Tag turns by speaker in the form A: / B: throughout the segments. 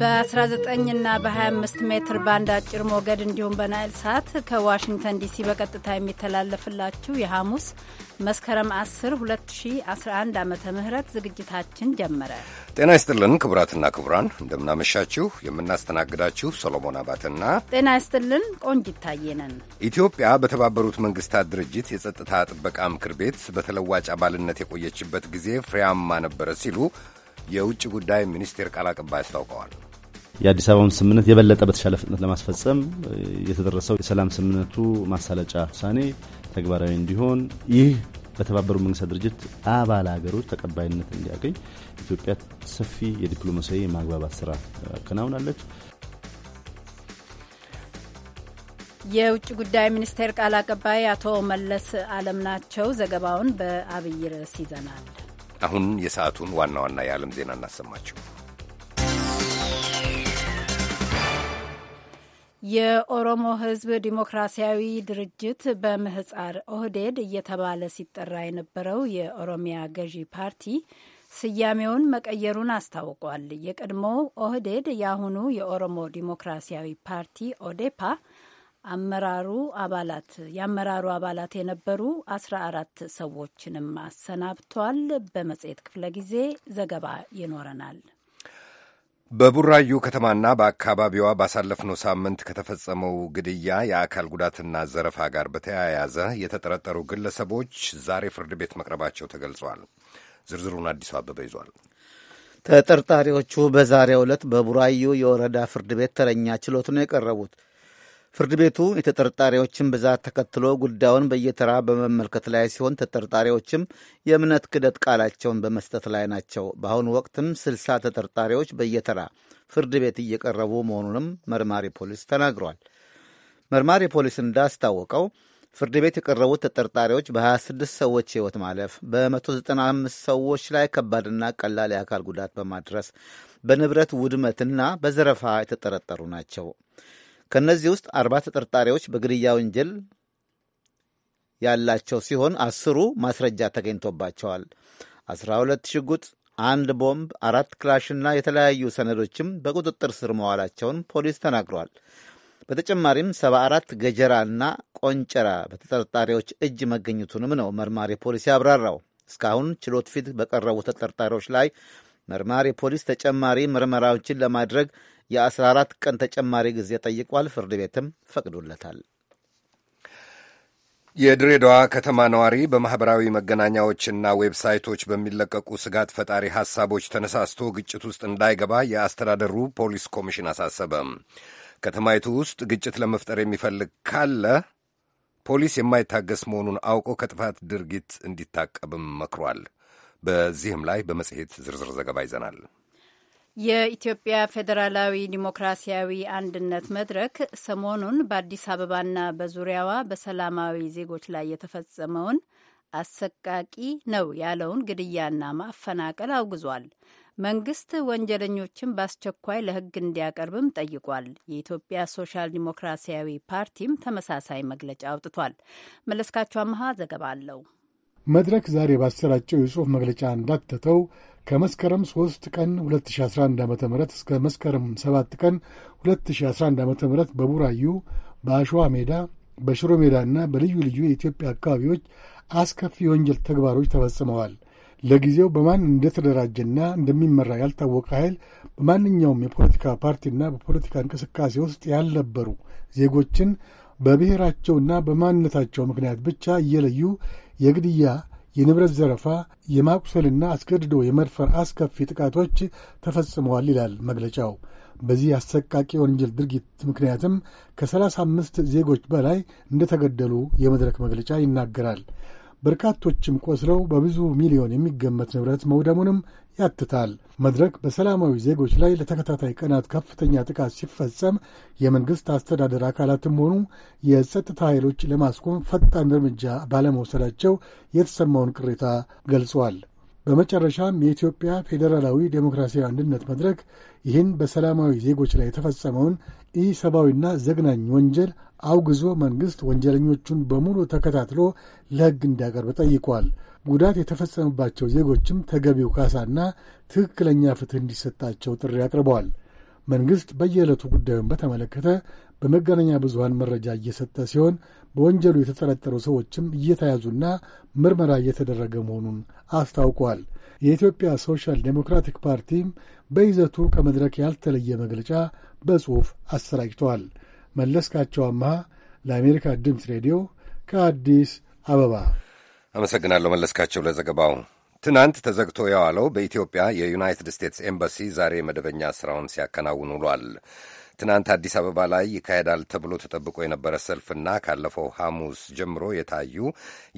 A: በ19 እና በ25 ሜትር ባንድ አጭር ሞገድ እንዲሁም በናይል ሳት ከዋሽንግተን ዲሲ በቀጥታ የሚተላለፍላችሁ የሐሙስ መስከረም 10 2011 ዓ ም ዝግጅታችን ጀመረ።
B: ጤና ይስጥልን ክቡራትና ክቡራን፣ እንደምናመሻችሁ። የምናስተናግዳችሁ ሰሎሞን አባትና
A: ጤና ይስጥልን ቆንጅ ይታየነን።
B: ኢትዮጵያ በተባበሩት መንግስታት ድርጅት የጸጥታ ጥበቃ ምክር ቤት በተለዋጭ አባልነት የቆየችበት ጊዜ ፍሬያማ ነበረ ሲሉ የውጭ ጉዳይ ሚኒስቴር ቃል አቀባይ አስታውቀዋል።
C: የአዲስ አበባውን ስምምነት የበለጠ በተሻለ ፍጥነት ለማስፈጸም የተደረሰው የሰላም ስምምነቱ ማሳለጫ ውሳኔ ተግባራዊ እንዲሆን ይህ በተባበሩት መንግስታት ድርጅት አባል ሀገሮች ተቀባይነት እንዲያገኝ ኢትዮጵያ ሰፊ የዲፕሎማሲያዊ የማግባባት ስራ አከናውናለች።
A: የውጭ ጉዳይ ሚኒስቴር ቃል አቀባይ አቶ መለስ አለም ናቸው። ዘገባውን በአብይ ርዕስ ይዘናል።
B: አሁን የሰዓቱን ዋና ዋና የዓለም ዜና እናሰማቸው።
A: የኦሮሞ ሕዝብ ዲሞክራሲያዊ ድርጅት በምህጻር ኦህዴድ እየተባለ ሲጠራ የነበረው የኦሮሚያ ገዢ ፓርቲ ስያሜውን መቀየሩን አስታውቋል። የቀድሞው ኦህዴድ የአሁኑ የኦሮሞ ዲሞክራሲያዊ ፓርቲ ኦዴፓ አመራሩ አባላት የአመራሩ አባላት የነበሩ አስራ አራት ሰዎችንም አሰናብቷል። በመጽሔት ክፍለ ጊዜ ዘገባ ይኖረናል።
B: በቡራዩ ከተማና በአካባቢዋ ባሳለፍነው ሳምንት ከተፈጸመው ግድያ የአካል ጉዳትና ዘረፋ ጋር በተያያዘ የተጠረጠሩ ግለሰቦች ዛሬ ፍርድ ቤት መቅረባቸው ተገልጿል። ዝርዝሩን አዲሱ አበበ ይዟል።
D: ተጠርጣሪዎቹ በዛሬው ዕለት በቡራዩ የወረዳ ፍርድ ቤት ተረኛ ችሎት ነው የቀረቡት። ፍርድ ቤቱ የተጠርጣሪዎችን ብዛት ተከትሎ ጉዳዩን በየተራ በመመልከት ላይ ሲሆን ተጠርጣሪዎችም የእምነት ክደት ቃላቸውን በመስጠት ላይ ናቸው። በአሁኑ ወቅትም ስልሳ ተጠርጣሪዎች በየተራ ፍርድ ቤት እየቀረቡ መሆኑንም መርማሪ ፖሊስ ተናግሯል። መርማሪ ፖሊስ እንዳስታወቀው ፍርድ ቤት የቀረቡት ተጠርጣሪዎች በ26 ሰዎች ሕይወት ማለፍ በ195 ሰዎች ላይ ከባድና ቀላል የአካል ጉዳት በማድረስ በንብረት ውድመትና በዘረፋ የተጠረጠሩ ናቸው። ከእነዚህ ውስጥ አርባ ተጠርጣሪዎች በግድያ ወንጀል ያላቸው ሲሆን አስሩ ማስረጃ ተገኝቶባቸዋል። ሁለት ሽጉጥ፣ አንድ ቦምብ፣ አራት ክላሽና የተለያዩ ሰነዶችም በቁጥጥር ስር መዋላቸውን ፖሊስ ተናግሯል። በተጨማሪም ሰባ አራት ገጀራና ቆንጨራ በተጠርጣሪዎች እጅ መገኘቱንም ነው መርማሪ ፖሊስ ያብራራው። እስካሁን ችሎት ፊት በቀረቡ ተጠርጣሪዎች ላይ መርማሪ ፖሊስ ተጨማሪ ምርመራዎችን ለማድረግ የ14 ቀን ተጨማሪ ጊዜ ጠይቋል። ፍርድ ቤትም ፈቅዶለታል። የድሬዳዋ ከተማ
B: ነዋሪ በማኅበራዊ መገናኛዎችና ዌብሳይቶች በሚለቀቁ ስጋት ፈጣሪ ሐሳቦች ተነሳስቶ ግጭት ውስጥ እንዳይገባ የአስተዳደሩ ፖሊስ ኮሚሽን አሳሰበ። ከተማይቱ ውስጥ ግጭት ለመፍጠር የሚፈልግ ካለ ፖሊስ የማይታገስ መሆኑን አውቆ ከጥፋት ድርጊት እንዲታቀብም መክሯል። በዚህም ላይ በመጽሔት ዝርዝር ዘገባ ይዘናል።
A: የኢትዮጵያ ፌዴራላዊ ዲሞክራሲያዊ አንድነት መድረክ ሰሞኑን በአዲስ አበባና በዙሪያዋ በሰላማዊ ዜጎች ላይ የተፈጸመውን አሰቃቂ ነው ያለውን ግድያና ማፈናቀል አውግዟል። መንግስት ወንጀለኞችን በአስቸኳይ ለሕግ እንዲያቀርብም ጠይቋል። የኢትዮጵያ ሶሻል ዲሞክራሲያዊ ፓርቲም ተመሳሳይ መግለጫ አውጥቷል። መለስካቸው አመሃ ዘገባ አለው።
E: መድረክ ዛሬ ባሰራጨው የጽሑፍ መግለጫ እንዳተተው ከመስከረም 3 ቀን 2011 ዓ ም እስከ መስከረም 7 ቀን 2011 ዓ ም በቡራዩ በአሸዋ ሜዳ በሽሮ ሜዳና በልዩ ልዩ የኢትዮጵያ አካባቢዎች አስከፊ የወንጀል ተግባሮች ተፈጽመዋል። ለጊዜው በማን እንደተደራጀና እንደሚመራ ያልታወቀ ኃይል በማንኛውም የፖለቲካ ፓርቲና በፖለቲካ እንቅስቃሴ ውስጥ ያልነበሩ ዜጎችን በብሔራቸውና በማንነታቸው ምክንያት ብቻ እየለዩ የግድያ፣ የንብረት ዘረፋ፣ የማቁሰልና አስገድዶ የመድፈር አስከፊ ጥቃቶች ተፈጽመዋል ይላል መግለጫው። በዚህ አሰቃቂ ወንጀል ድርጊት ምክንያትም ከ አምስት ዜጎች በላይ እንደተገደሉ የመድረክ መግለጫ ይናገራል። በርካቶችም ቆስለው በብዙ ሚሊዮን የሚገመት ንብረት መውደሙንም ያትታል። መድረክ በሰላማዊ ዜጎች ላይ ለተከታታይ ቀናት ከፍተኛ ጥቃት ሲፈጸም የመንግሥት አስተዳደር አካላትም ሆኑ የጸጥታ ኃይሎች ለማስቆም ፈጣን እርምጃ ባለመውሰዳቸው የተሰማውን ቅሬታ ገልጿል። በመጨረሻም የኢትዮጵያ ፌዴራላዊ ዴሞክራሲያዊ አንድነት መድረክ ይህን በሰላማዊ ዜጎች ላይ የተፈጸመውን ኢሰብአዊና ዘግናኝ ወንጀል አውግዞ መንግሥት ወንጀለኞቹን በሙሉ ተከታትሎ ለሕግ እንዲያቀርብ ጠይቋል። ጉዳት የተፈጸመባቸው ዜጎችም ተገቢው ካሳና ትክክለኛ ፍትህ እንዲሰጣቸው ጥሪ አቅርበዋል። መንግሥት በየዕለቱ ጉዳዩን በተመለከተ በመገናኛ ብዙሃን መረጃ እየሰጠ ሲሆን በወንጀሉ የተጠረጠሩ ሰዎችም እየተያዙና ምርመራ እየተደረገ መሆኑን አስታውቋል። የኢትዮጵያ ሶሻል ዴሞክራቲክ ፓርቲም በይዘቱ ከመድረክ ያልተለየ መግለጫ በጽሑፍ አሰራጭተዋል። መለስካቸው አምሃ ለአሜሪካ ድምፅ ሬዲዮ ከአዲስ አበባ
B: አመሰግናለሁ መለስካቸው ለዘገባው። ትናንት ተዘግቶ የዋለው በኢትዮጵያ የዩናይትድ ስቴትስ ኤምባሲ ዛሬ መደበኛ ስራውን ሲያከናውን ውሏል። ትናንት አዲስ አበባ ላይ ይካሄዳል ተብሎ ተጠብቆ የነበረ ሰልፍና ካለፈው ሐሙስ ጀምሮ የታዩ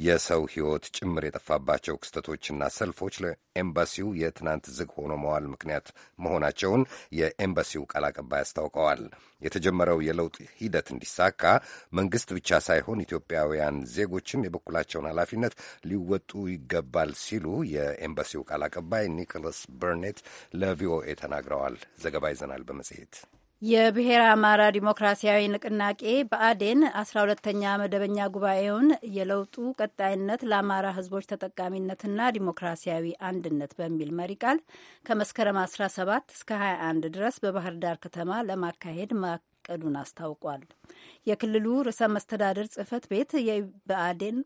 B: የሰው ሕይወት ጭምር የጠፋባቸው ክስተቶችና ሰልፎች ለኤምባሲው የትናንት ዝግ ሆኖ መዋል ምክንያት መሆናቸውን የኤምባሲው ቃል አቀባይ አስታውቀዋል። የተጀመረው የለውጥ ሂደት እንዲሳካ መንግስት ብቻ ሳይሆን ኢትዮጵያውያን ዜጎችም የበኩላቸውን ኃላፊነት ሊወጡ ይገባል ሲሉ የኤምባሲው ቃል አቀባይ ኒኮላስ በርኔት ለቪኦኤ ተናግረዋል። ዘገባ ይዘናል በመጽሔት
A: የብሔረ አማራ ዲሞክራሲያዊ ንቅናቄ በአዴን አስራ ሁለተኛ መደበኛ ጉባኤውን የለውጡ ቀጣይነት ለአማራ ሕዝቦች ተጠቃሚነትና ዲሞክራሲያዊ አንድነት በሚል መሪ ቃል ከመስከረም 17 እስከ 21 ድረስ በባህር ዳር ከተማ ለማካሄድ ማቀዱን አስታውቋል። የክልሉ ርዕሰ መስተዳደር ጽህፈት ቤት የብአዴን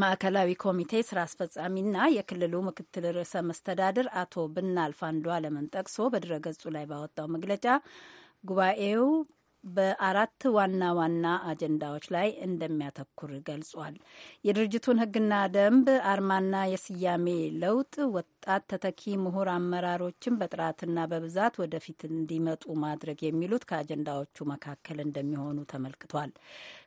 A: ማዕከላዊ ኮሚቴ ስራ አስፈጻሚና የክልሉ ምክትል ርዕሰ መስተዳድር አቶ ብናልፍ አንዱዓለምን ጠቅሶ በድረገጹ ላይ ባወጣው መግለጫ ጉባኤው በአራት ዋና ዋና አጀንዳዎች ላይ እንደሚያተኩር ገልጿል። የድርጅቱን ሕግና ደንብ አርማና የስያሜ ለውጥ፣ ወጣት ተተኪ ምሁር አመራሮችን በጥራትና በብዛት ወደፊት እንዲመጡ ማድረግ የሚሉት ከአጀንዳዎቹ መካከል እንደሚሆኑ ተመልክቷል።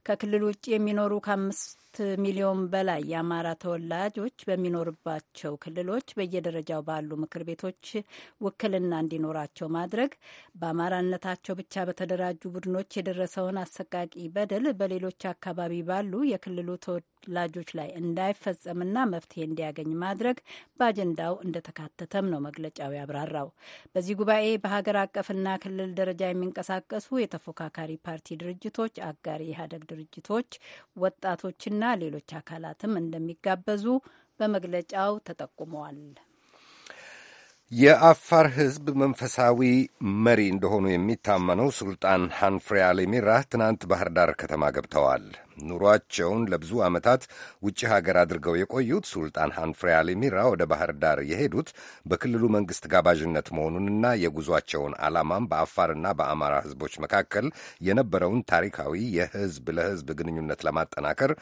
A: ከክልል ውጭ የሚኖሩ ከአምስት ሚሊዮን በላይ የአማራ ተወላጆች በሚኖርባቸው ክልሎች በየደረጃው ባሉ ምክር ቤቶች ውክልና እንዲኖራቸው ማድረግ በአማራነታቸው ብቻ በተደራጁ ቡድኖች የደረሰውን አሰቃቂ በደል በሌሎች አካባቢ ባሉ የክልሉ ተወላጆች ላይ እንዳይፈጸምና መፍትሄ እንዲያገኝ ማድረግ በአጀንዳው እንደተካተተም ነው መግለጫው ያብራራው። በዚህ ጉባኤ በሀገር አቀፍና ክልል ደረጃ የሚንቀሳቀሱ የተፎካካሪ ፓርቲ ድርጅቶች አጋር ኢህአዴግ ድርጅቶች፣ ወጣቶችና ሌሎች አካላትም እንደሚጋበዙ በመግለጫው ተጠቁመዋል።
B: የአፋር ሕዝብ መንፈሳዊ መሪ እንደሆኑ የሚታመነው ሱልጣን ሐንፍሬ አሊ ትናንት ባህር ዳር ከተማ ገብተዋል። ኑሯቸውን ለብዙ ዓመታት ውጭ ሀገር አድርገው የቆዩት ሱልጣን ሐንፍሬ አሊ ሚራ ወደ ባህር ዳር የሄዱት በክልሉ መንግሥት ጋባዥነት መሆኑንና የጉዟቸውን ዓላማም በአፋርና በአማራ ሕዝቦች መካከል የነበረውን ታሪካዊ የሕዝብ ለሕዝብ ግንኙነት ለማጠናከር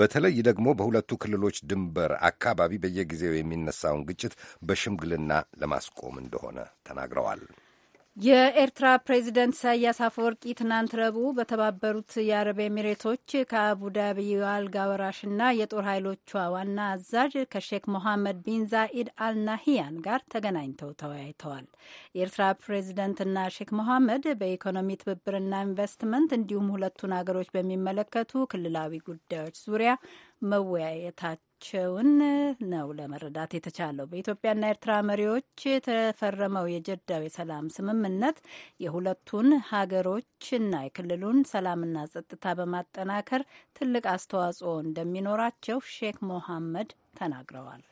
B: በተለይ ደግሞ በሁለቱ ክልሎች ድንበር አካባቢ በየጊዜው የሚነሳውን ግጭት በሽምግልና ለማስቆም እንደሆነ ተናግረዋል።
A: የኤርትራ ፕሬዚደንት ኢሳያስ አፈወርቂ ትናንት ረቡዕ በተባበሩት የአረብ ኤሚሬቶች ከአቡዳቢ አልጋ ወራሽና የጦር ኃይሎቿ ዋና አዛዥ ከሼክ ሞሐመድ ቢን ዛኢድ አልናሂያን ጋር ተገናኝተው ተወያይተዋል። የኤርትራ ፕሬዚደንትና ሼክ ሞሐመድ በኢኮኖሚ ትብብርና ኢንቨስትመንት እንዲሁም ሁለቱን ሀገሮች በሚመለከቱ ክልላዊ ጉዳዮች ዙሪያ መወያየታቸው መሆናቸውን ነው ለመረዳት የተቻለው። በኢትዮጵያና ኤርትራ መሪዎች የተፈረመው የጀዳው የሰላም ስምምነት የሁለቱን ሀገሮችና የክልሉን ሰላምና ጸጥታ በማጠናከር ትልቅ አስተዋጽኦ እንደሚኖራቸው ሼክ ሞሐመድ ተናግረዋል።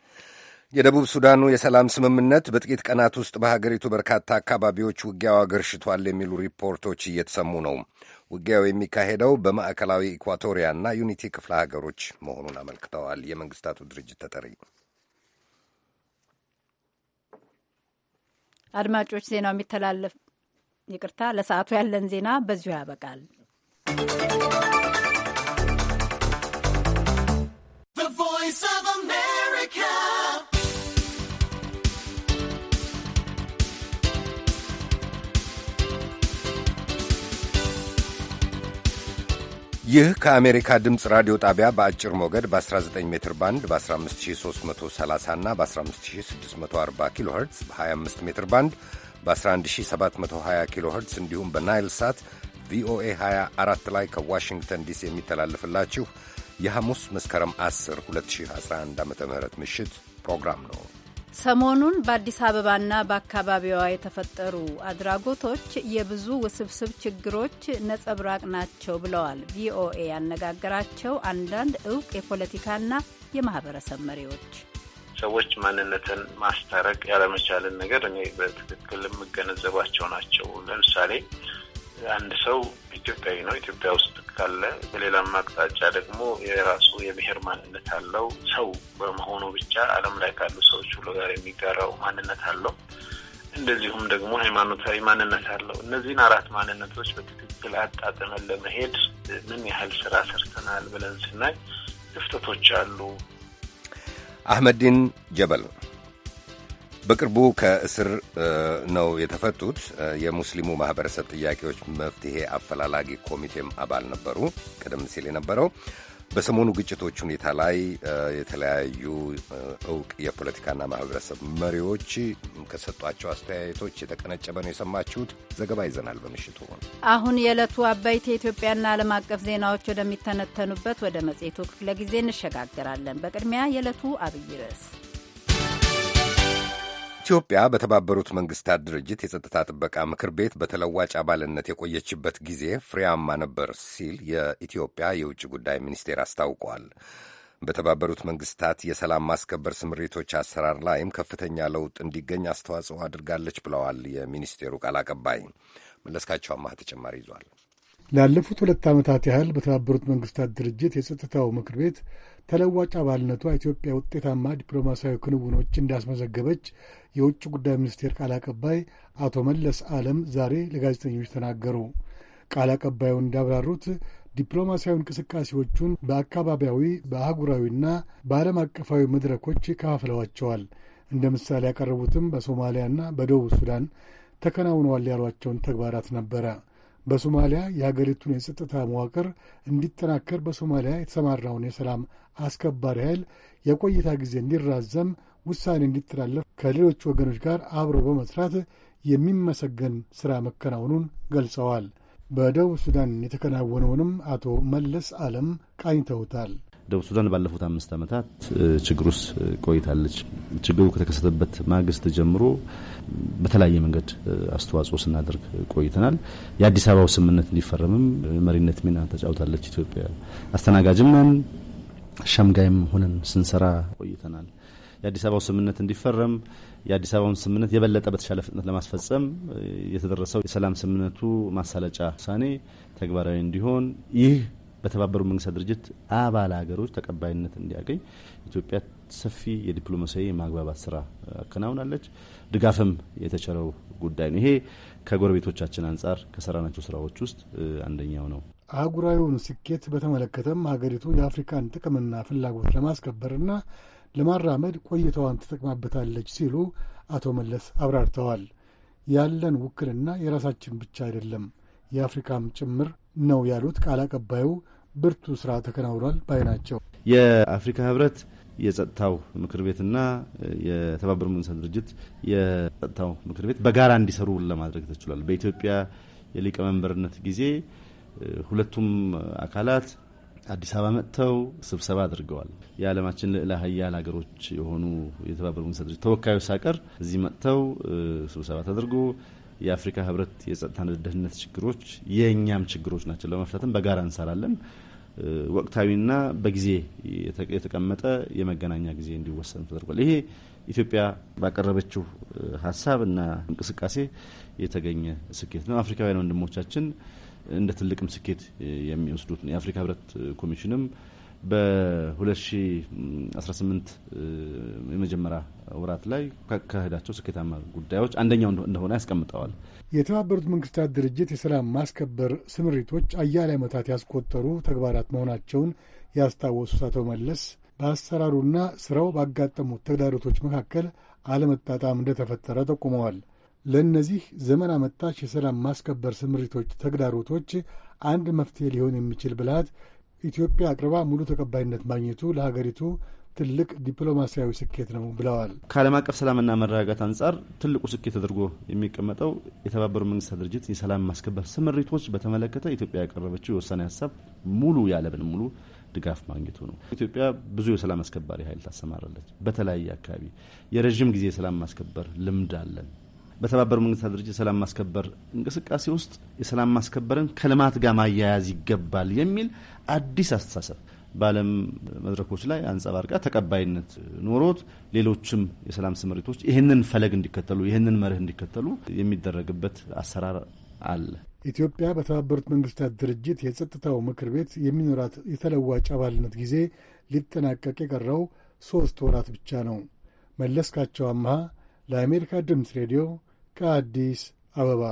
B: የደቡብ ሱዳኑ የሰላም ስምምነት በጥቂት ቀናት ውስጥ በሀገሪቱ በርካታ አካባቢዎች ውጊያው አገርሽቷል የሚሉ ሪፖርቶች እየተሰሙ ነው። ውጊያው የሚካሄደው በማዕከላዊ ኢኳቶሪያና ዩኒቲ ክፍለ ሀገሮች መሆኑን አመልክተዋል የመንግስታቱ ድርጅት ተጠሪ።
A: አድማጮች ዜናው የሚተላለፍ ይቅርታ፣ ለሰዓቱ ያለን ዜና በዚሁ ያበቃል።
B: ይህ ከአሜሪካ ድምፅ ራዲዮ ጣቢያ በአጭር ሞገድ በ19 ሜትር ባንድ በ15330 እና በ15640 ኪሎ ኸርትዝ በ25 ሜትር ባንድ በ11720 ኪሎ ኸርትዝ እንዲሁም በናይል ሳት ቪኦኤ 24 ላይ ከዋሽንግተን ዲሲ የሚተላለፍላችሁ የሐሙስ መስከረም 10 2011 ዓ ም ምሽት ፕሮግራም ነው።
A: ሰሞኑን በአዲስ አበባና በአካባቢዋ የተፈጠሩ አድራጎቶች የብዙ ውስብስብ ችግሮች ነጸብራቅ ናቸው ብለዋል ቪኦኤ ያነጋገራቸው አንዳንድ እውቅ የፖለቲካና የማህበረሰብ መሪዎች።
F: ሰዎች ማንነትን ማስታረቅ ያለመቻልን ነገር እኔ በትክክል የምገነዘባቸው ናቸው። ለምሳሌ አንድ ሰው ኢትዮጵያዊ ነው። ኢትዮጵያ ውስጥ ካለ በሌላም አቅጣጫ ደግሞ የራሱ የብሔር ማንነት አለው። ሰው በመሆኑ ብቻ ዓለም ላይ ካሉ ሰዎች ሁሉ ጋር የሚጋራው ማንነት አለው። እንደዚሁም ደግሞ ሃይማኖታዊ ማንነት አለው። እነዚህን አራት ማንነቶች በትክክል አጣጥመን ለመሄድ ምን ያህል ስራ ሰርተናል ብለን ስናይ ክፍተቶች አሉ።
B: አህመዲን ጀበል በቅርቡ ከእስር ነው የተፈቱት። የሙስሊሙ ማህበረሰብ ጥያቄዎች መፍትሄ አፈላላጊ ኮሚቴም አባል ነበሩ። ቀደም ሲል የነበረው በሰሞኑ ግጭቶች ሁኔታ ላይ የተለያዩ እውቅ የፖለቲካና ማህበረሰብ መሪዎች ከሰጧቸው አስተያየቶች የተቀነጨበ ነው የሰማችሁት። ዘገባ ይዘናል በምሽቱ።
A: አሁን የዕለቱ አበይት የኢትዮጵያና ዓለም አቀፍ ዜናዎች ወደሚተነተኑበት ወደ መጽሔቱ ክፍለ ጊዜ እንሸጋግራለን። በቅድሚያ የዕለቱ አብይ ርዕስ
B: ኢትዮጵያ በተባበሩት መንግስታት ድርጅት የጸጥታ ጥበቃ ምክር ቤት በተለዋጭ አባልነት የቆየችበት ጊዜ ፍሬያማ ነበር ሲል የኢትዮጵያ የውጭ ጉዳይ ሚኒስቴር አስታውቋል። በተባበሩት መንግስታት የሰላም ማስከበር ስምሪቶች አሰራር ላይም ከፍተኛ ለውጥ እንዲገኝ አስተዋጽኦ አድርጋለች ብለዋል የሚኒስቴሩ ቃል አቀባይ። መለስካቸው አማህ ተጨማሪ ይዟል።
E: ላለፉት ሁለት ዓመታት ያህል በተባበሩት መንግስታት ድርጅት የጸጥታው ምክር ቤት ተለዋጭ አባልነቷ ኢትዮጵያ ውጤታማ ዲፕሎማሲያዊ ክንውኖች እንዳስመዘገበች የውጭ ጉዳይ ሚኒስቴር ቃል አቀባይ አቶ መለስ አለም ዛሬ ለጋዜጠኞች ተናገሩ። ቃል አቀባዩ እንዳብራሩት ዲፕሎማሲያዊ እንቅስቃሴዎቹን በአካባቢያዊ በአህጉራዊና በዓለም አቀፋዊ መድረኮች ከፋፍለዋቸዋል። እንደ ምሳሌ ያቀረቡትም በሶማሊያና በደቡብ ሱዳን ተከናውነዋል ያሏቸውን ተግባራት ነበረ። በሶማሊያ የሀገሪቱን የጸጥታ መዋቅር እንዲጠናከር በሶማሊያ የተሰማራውን የሰላም አስከባሪ ኃይል የቆይታ ጊዜ እንዲራዘም ውሳኔ እንዲተላለፍ ከሌሎች ወገኖች ጋር አብሮ በመስራት የሚመሰገን ሥራ መከናወኑን ገልጸዋል። በደቡብ ሱዳን የተከናወነውንም አቶ መለስ አለም ቃኝተውታል።
C: ደቡብ ሱዳን ባለፉት አምስት ዓመታት ችግር ውስጥ ቆይታለች። ችግሩ ከተከሰተበት ማግስት ጀምሮ በተለያየ መንገድ አስተዋጽኦ ስናደርግ ቆይተናል። የአዲስ አበባው ስምምነት እንዲፈረምም መሪነት ሚና ተጫውታለች። ኢትዮጵያ አስተናጋጅም ነን ሸምጋይም ሆነን ስንሰራ ቆይተናል። የአዲስ አበባው ስምምነት እንዲፈረም የአዲስ አበባውን ስምምነት የበለጠ በተሻለ ፍጥነት ለማስፈጸም የተደረሰው የሰላም ስምምነቱ ማሳለጫ ውሳኔ ተግባራዊ እንዲሆን ይህ በተባበሩ መንግስታት ድርጅት አባል ሀገሮች ተቀባይነት እንዲያገኝ ኢትዮጵያ ሰፊ የዲፕሎማሲያዊ የማግባባት ስራ አከናውናለች። ድጋፍም የተቸረው ጉዳይ ነው። ይሄ ከጎረቤቶቻችን አንጻር ከሰራናቸው ስራዎች ውስጥ አንደኛው ነው።
E: አህጉራዊውን ስኬት በተመለከተም ሀገሪቱ የአፍሪካን ጥቅምና ፍላጎት ለማስከበርና ለማራመድ ቆይታዋን ትጠቅማበታለች ሲሉ አቶ መለስ አብራርተዋል። ያለን ውክልና የራሳችን ብቻ አይደለም የአፍሪካም ጭምር ነው ያሉት ቃል አቀባዩ ብርቱ ስራ ተከናውሯል ባይ ናቸው።
C: የአፍሪካ ህብረት የጸጥታው ምክር ቤትና የተባበሩት መንግስታት ድርጅት የጸጥታው ምክር ቤት በጋራ እንዲሰሩ ለማድረግ ተችሏል። በኢትዮጵያ የሊቀመንበርነት ጊዜ ሁለቱም አካላት አዲስ አበባ መጥተው ስብሰባ አድርገዋል። የዓለማችን ልዕለ ሀያል ሀገሮች የሆኑ የተባበሩ መንግስታት ድርጅት ተወካዮች ሳቀር እዚህ መጥተው ስብሰባ ተደርጎ የአፍሪካ ህብረት የጸጥታና ደህንነት ችግሮች የእኛም ችግሮች ናቸው፣ ለመፍታትም በጋራ እንሰራለን። ወቅታዊና በጊዜ የተቀመጠ የመገናኛ ጊዜ እንዲወሰን ተደርጓል። ይሄ ኢትዮጵያ ባቀረበችው ሀሳብ እና እንቅስቃሴ የተገኘ ስኬት ነው። አፍሪካውያን ወንድሞቻችን እንደ ትልቅም ስኬት የሚወስዱት ነው። የአፍሪካ ህብረት ኮሚሽንም በ2018 የመጀመሪያ ወራት ላይ ካሄዳቸው ስኬታማ ጉዳዮች አንደኛው እንደሆነ ያስቀምጠዋል።
E: የተባበሩት መንግስታት ድርጅት የሰላም ማስከበር ስምሪቶች አያሌ ዓመታት ያስቆጠሩ ተግባራት መሆናቸውን ያስታወሱት አቶ መለስ በአሰራሩና ስራው ባጋጠሙት ተግዳሮቶች መካከል አለመጣጣም እንደተፈጠረ ጠቁመዋል። ለእነዚህ ዘመን አመጣሽ የሰላም ማስከበር ስምሪቶች ተግዳሮቶች አንድ መፍትሄ ሊሆን የሚችል ብልሃት ኢትዮጵያ አቅርባ ሙሉ ተቀባይነት ማግኘቱ ለሀገሪቱ ትልቅ ዲፕሎማሲያዊ ስኬት ነው ብለዋል።
C: ከዓለም አቀፍ ሰላምና መረጋጋት አንጻር ትልቁ ስኬት ተደርጎ የሚቀመጠው የተባበሩ መንግስታት ድርጅት የሰላም ማስከበር ስምሪቶች በተመለከተ ኢትዮጵያ ያቀረበችው የውሳኔ ሀሳብ ሙሉ ያለምን ሙሉ ድጋፍ ማግኘቱ ነው። ኢትዮጵያ ብዙ የሰላም አስከባሪ ኃይል ታሰማራለች። በተለያየ አካባቢ የረዥም ጊዜ የሰላም ማስከበር ልምድ አለን። በተባበሩ መንግስታት ድርጅት የሰላም ማስከበር እንቅስቃሴ ውስጥ የሰላም ማስከበርን ከልማት ጋር ማያያዝ ይገባል የሚል አዲስ አስተሳሰብ በዓለም መድረኮች ላይ አንጸባርቃ ተቀባይነት ኖሮት ሌሎችም የሰላም ስምሪቶች ይህንን ፈለግ እንዲከተሉ ይህንን መርህ እንዲከተሉ የሚደረግበት አሰራር አለ።
E: ኢትዮጵያ በተባበሩት መንግስታት ድርጅት የጸጥታው ምክር ቤት የሚኖራት የተለዋጭ አባልነት ጊዜ ሊጠናቀቅ የቀረው ሶስት ወራት ብቻ ነው። መለስካቸው አምሃ ለአሜሪካ ድምፅ ሬዲዮ ከአዲስ አበባ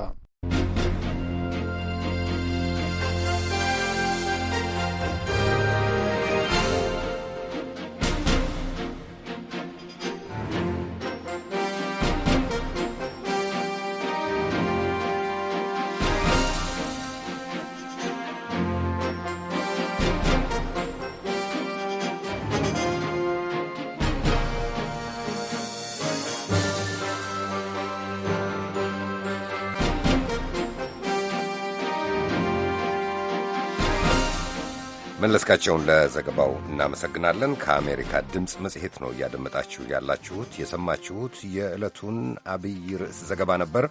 B: መለስካቸውን ለዘገባው እናመሰግናለን። ከአሜሪካ ድምፅ መጽሔት ነው እያደመጣችሁ ያላችሁት። የሰማችሁት የዕለቱን አብይ ርዕስ ዘገባ ነበር።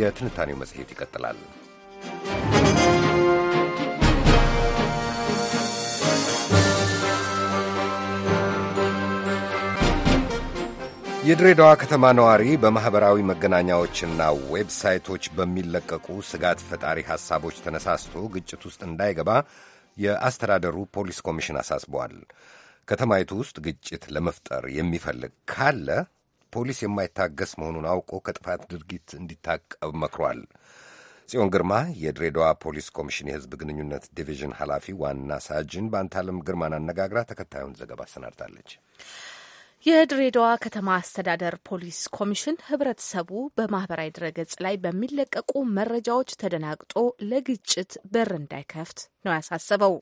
B: የትንታኔው መጽሔት ይቀጥላል። የድሬዳዋ ከተማ ነዋሪ በማኅበራዊ መገናኛዎችና ዌብሳይቶች በሚለቀቁ ስጋት ፈጣሪ ሐሳቦች ተነሳስቶ ግጭት ውስጥ እንዳይገባ የአስተዳደሩ ፖሊስ ኮሚሽን አሳስበዋል። ከተማይቱ ውስጥ ግጭት ለመፍጠር የሚፈልግ ካለ ፖሊስ የማይታገስ መሆኑን አውቆ ከጥፋት ድርጊት እንዲታቀብ መክሯል። ጽዮን ግርማ የድሬዳዋ ፖሊስ ኮሚሽን የሕዝብ ግንኙነት ዲቪዥን ኃላፊ ዋና ሳጅን በአንታለም ግርማን አነጋግራ ተከታዩን ዘገባ አሰናድታለች።
G: የድሬዳዋ ከተማ አስተዳደር ፖሊስ ኮሚሽን ህብረተሰቡ በማህበራዊ ድረገጽ ላይ በሚለቀቁ መረጃዎች ተደናግጦ ለግጭት በር እንዳይከፍት ነው ያሳሰበው።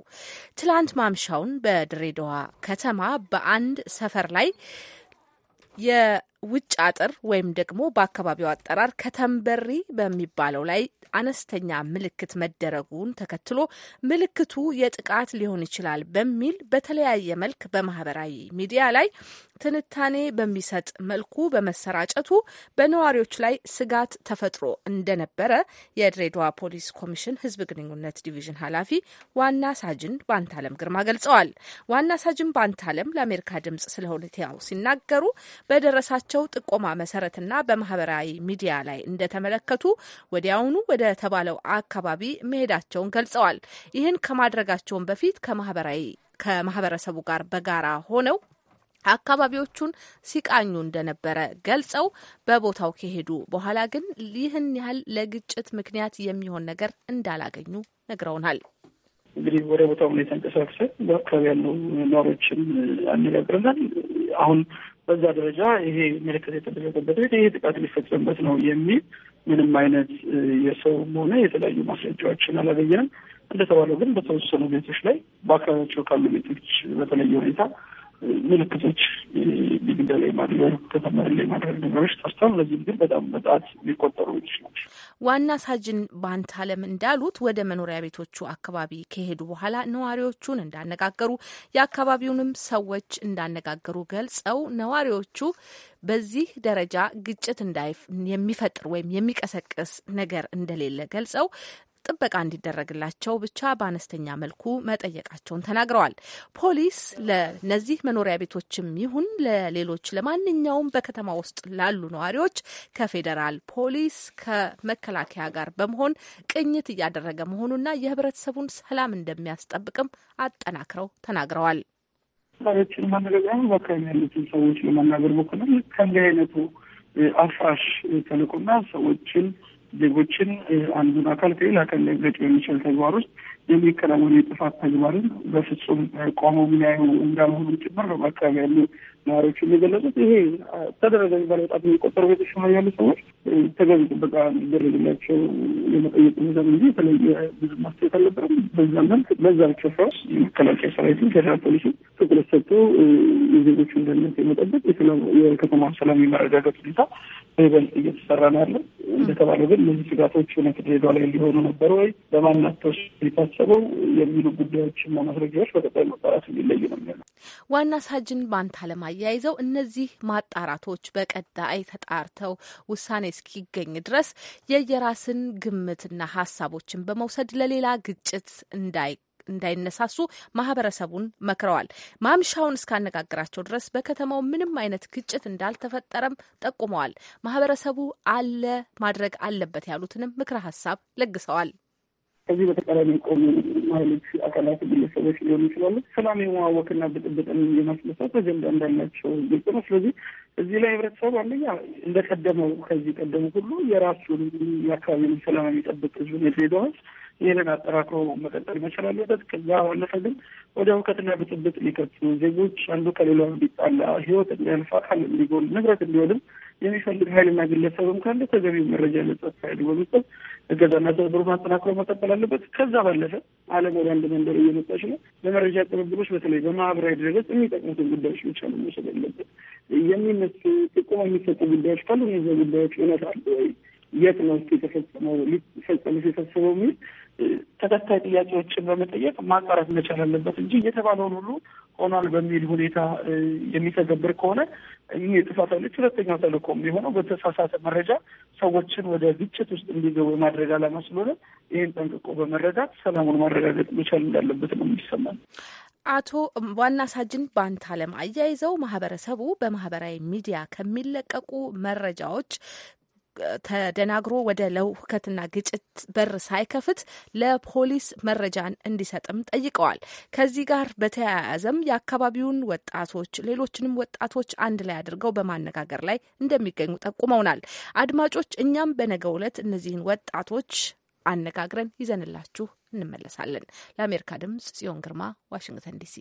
G: ትላንት ማምሻውን በድሬዳዋ ከተማ በአንድ ሰፈር ላይ የውጭ አጥር ወይም ደግሞ በአካባቢው አጠራር ከተምበሪ በሚባለው ላይ አነስተኛ ምልክት መደረጉን ተከትሎ ምልክቱ የጥቃት ሊሆን ይችላል በሚል በተለያየ መልክ በማህበራዊ ሚዲያ ላይ ትንታኔ በሚሰጥ መልኩ በመሰራጨቱ በነዋሪዎች ላይ ስጋት ተፈጥሮ እንደነበረ የድሬዳዋ ፖሊስ ኮሚሽን ህዝብ ግንኙነት ዲቪዥን ኃላፊ ዋና ሳጅን ባንታለም ግርማ ገልጸዋል። ዋና ሳጅን ባንታለም ለአሜሪካ ድምጽ ስለ ሁኔታው ሲናገሩ በደረሳቸው ጥቆማ መሰረትና በማህበራዊ ሚዲያ ላይ እንደተመለከቱ ወዲያውኑ ወደ ተባለው አካባቢ መሄዳቸውን ገልጸዋል። ይህን ከማድረጋቸውን በፊት ከማህበራዊ ከማህበረሰቡ ጋር በጋራ ሆነው አካባቢዎቹን ሲቃኙ እንደነበረ ገልጸው በቦታው ከሄዱ በኋላ ግን ይህን ያህል ለግጭት ምክንያት የሚሆን ነገር እንዳላገኙ ነግረውናል።
H: እንግዲህ ወደ ቦታው ሁኔታ ተንቀሳቅሰን በአካባቢ ያሉ ነዋሪዎችን አነጋግረናል። አሁን በዛ ደረጃ ይሄ ምልክት የተደረገበት ቤት ይሄ ጥቃት ሊፈጸምበት ነው የሚል ምንም አይነት የሰውም ሆነ የተለያዩ ማስረጃዎችን አላገኘንም። እንደተባለው ግን በተወሰኑ ቤቶች ላይ በአካባቢያቸው ካሉ ቤቶች በተለየ ሁኔታ ምልክቶች ግድግዳ ላይ ማድረግ ከተማሪ ላይ ማድረግ ነገሮች ታስተዋል። እነዚህም ግን በጣም በጣት የሚቆጠሩ ቤቶች ናቸው።
G: ዋና ሳጅን ባንታለም እንዳሉት ወደ መኖሪያ ቤቶቹ አካባቢ ከሄዱ በኋላ ነዋሪዎቹን እንዳነጋገሩ የአካባቢውንም ሰዎች እንዳነጋገሩ ገልጸው ነዋሪዎቹ በዚህ ደረጃ ግጭት እንዳይ የሚፈጥር ወይም የሚቀሰቅስ ነገር እንደሌለ ገልጸው ጥበቃ እንዲደረግላቸው ብቻ በአነስተኛ መልኩ መጠየቃቸውን ተናግረዋል። ፖሊስ ለነዚህ መኖሪያ ቤቶችም ይሁን ለሌሎች ለማንኛውም በከተማ ውስጥ ላሉ ነዋሪዎች ከፌዴራል ፖሊስ ከመከላከያ ጋር በመሆን ቅኝት እያደረገ መሆኑና የህብረተሰቡን ሰላም እንደሚያስጠብቅም አጠናክረው ተናግረዋል።
H: ችን ማድረጊያ በአካባቢ ያሉትን ሰዎች ለማናገር በኩልም ከእንዲህ አይነቱ አፍራሽ ተልእኮና ሰዎችን ዜጎችን አንዱን አካል ከሌላ አካል ላይ ገጭ በሚችል ተግባር ውስጥ የሚከናወኑ የጥፋት ተግባርን በፍጹም ቆሞ የሚያዩ እንዳልሆኑ ጭምር ነው በአካባቢ ያሉ ነዋሪዎች የሚገለጹት። ይሄ ተደረገ የሚባለ በጣት የሚቆጠሩ ቤቶች ላይ ያሉ ሰዎች ተገቢ ጥበቃ የሚደረግላቸው የመጠየቅ ሚዛን እንጂ የተለየ ብዙ ማስተያየት አልነበረም። በዛ መልክ በዛ ብቻ ሳይሆን የመከላከያ ሰራዊትም ፌደራል ፖሊሲ ትኩረት ሰጥቶ የዜጎቹን ደህንነት የመጠበቅ የከተማ ሰላም የማረጋገጥ ሁኔታ በይበልጥ እየተሰራ ነው ያለ። እንደተባለው ግን እነዚህ ስጋቶች እውነት ድሬዳዋ ላይ ሊሆኑ ነበር ወይ በማናቸው ሁኔታቸው የተፈጸመው የሚሉ ጉዳዮችና ማስረጃዎች በቀጣይ መጣራት የሚለይ ነው የሚሆነው።
G: ዋና ሳጅን ባንታ ለማያይዘው እነዚህ ማጣራቶች በቀጣይ ተጣርተው ውሳኔ እስኪገኝ ድረስ የየራስን ግምትና ሀሳቦችን በመውሰድ ለሌላ ግጭት እንዳይ እንዳይነሳሱ ማህበረሰቡን መክረዋል። ማምሻውን እስካነጋግራቸው ድረስ በከተማው ምንም አይነት ግጭት እንዳልተፈጠረም ጠቁመዋል። ማህበረሰቡ አለ ማድረግ አለበት ያሉትንም ምክረ ሀሳብ ለግሰዋል።
H: ከዚህ በተቃራኒ የቆሙ ኃይሎች አካላት፣ ግለሰቦች ሊሆኑ ይችላሉ። ሰላም የመዋወቅና ብጥብጥን የማስነሳት አጀንዳ እንዳላቸው ግልጽ ነው። ስለዚህ እዚህ ላይ ህብረተሰቡ አንደኛ እንደቀደመው ከዚህ ቀደሙ ሁሉ የራሱን የአካባቢውን ሰላም የሚጠብቅ ህዝቡን የድሬዳዋል ይህንን አጠራክሮ መቀጠል መቻል አለበት። ከዛ ባለፈ ግን ወደ ሁከትና ብጥብጥ ሊከቱ ዜጎች አንዱ ከሌላው እንዲጣላ ህይወት እንዲያልፍ አካል እንዲጎል ንብረት እንዲወድም የሚፈልግ ሀይልና ግለሰብም ካለ ተገቢው መረጃ ለጸጥታ ኃይሉ በመስጠት እገዛና ትብብሩ ማጠናክሮ መቀጠል አለበት። ከዛ ባለፈ ዓለም ወደ አንድ መንደር እየመጣች ነው። በመረጃ ቅብብሎች በተለይ በማህበራዊ ድረገጽ የሚጠቅሙትን ጉዳዮች ብቻ ነው መውሰድ ያለበት። የሚነሱ ጥቁም የሚሰጡ ጉዳዮች ካሉ እነዚያ ጉዳዮች እውነት አለ ወይ? የት ነው ስ የተፈጸመው ሊፈጸምስ የታሰበው የሚል ተከታይ ጥያቄዎችን በመጠየቅ ማጣራት መቻል አለበት እንጂ የተባለውን ሁሉ ሆኗል በሚል ሁኔታ የሚተገብር ከሆነ ይህ የጥፋት ኃይሎች ሁለተኛው ተልእኮ የሚሆነው በተሳሳተ መረጃ ሰዎችን ወደ ግጭት ውስጥ እንዲገቡ የማድረግ አላማ ስለሆነ ይህን ጠንቅቆ በመረዳት ሰላሙን ማረጋገጥ መቻል እንዳለበት ነው የሚሰማል።
G: አቶ ዋና ሳጅን ባንታለም አያይዘው ማህበረሰቡ በማህበራዊ ሚዲያ ከሚለቀቁ መረጃዎች ተደናግሮ ወደ ለውከትና ግጭት በር ሳይከፍት ለፖሊስ መረጃን እንዲሰጥም ጠይቀዋል። ከዚህ ጋር በተያያዘም የአካባቢውን ወጣቶች፣ ሌሎችንም ወጣቶች አንድ ላይ አድርገው በማነጋገር ላይ እንደሚገኙ ጠቁመውናል። አድማጮች፣ እኛም በነገው ዕለት እነዚህን ወጣቶች አነጋግረን ይዘንላችሁ እንመለሳለን። ለአሜሪካ ድምጽ ጽዮን ግርማ ዋሽንግተን ዲሲ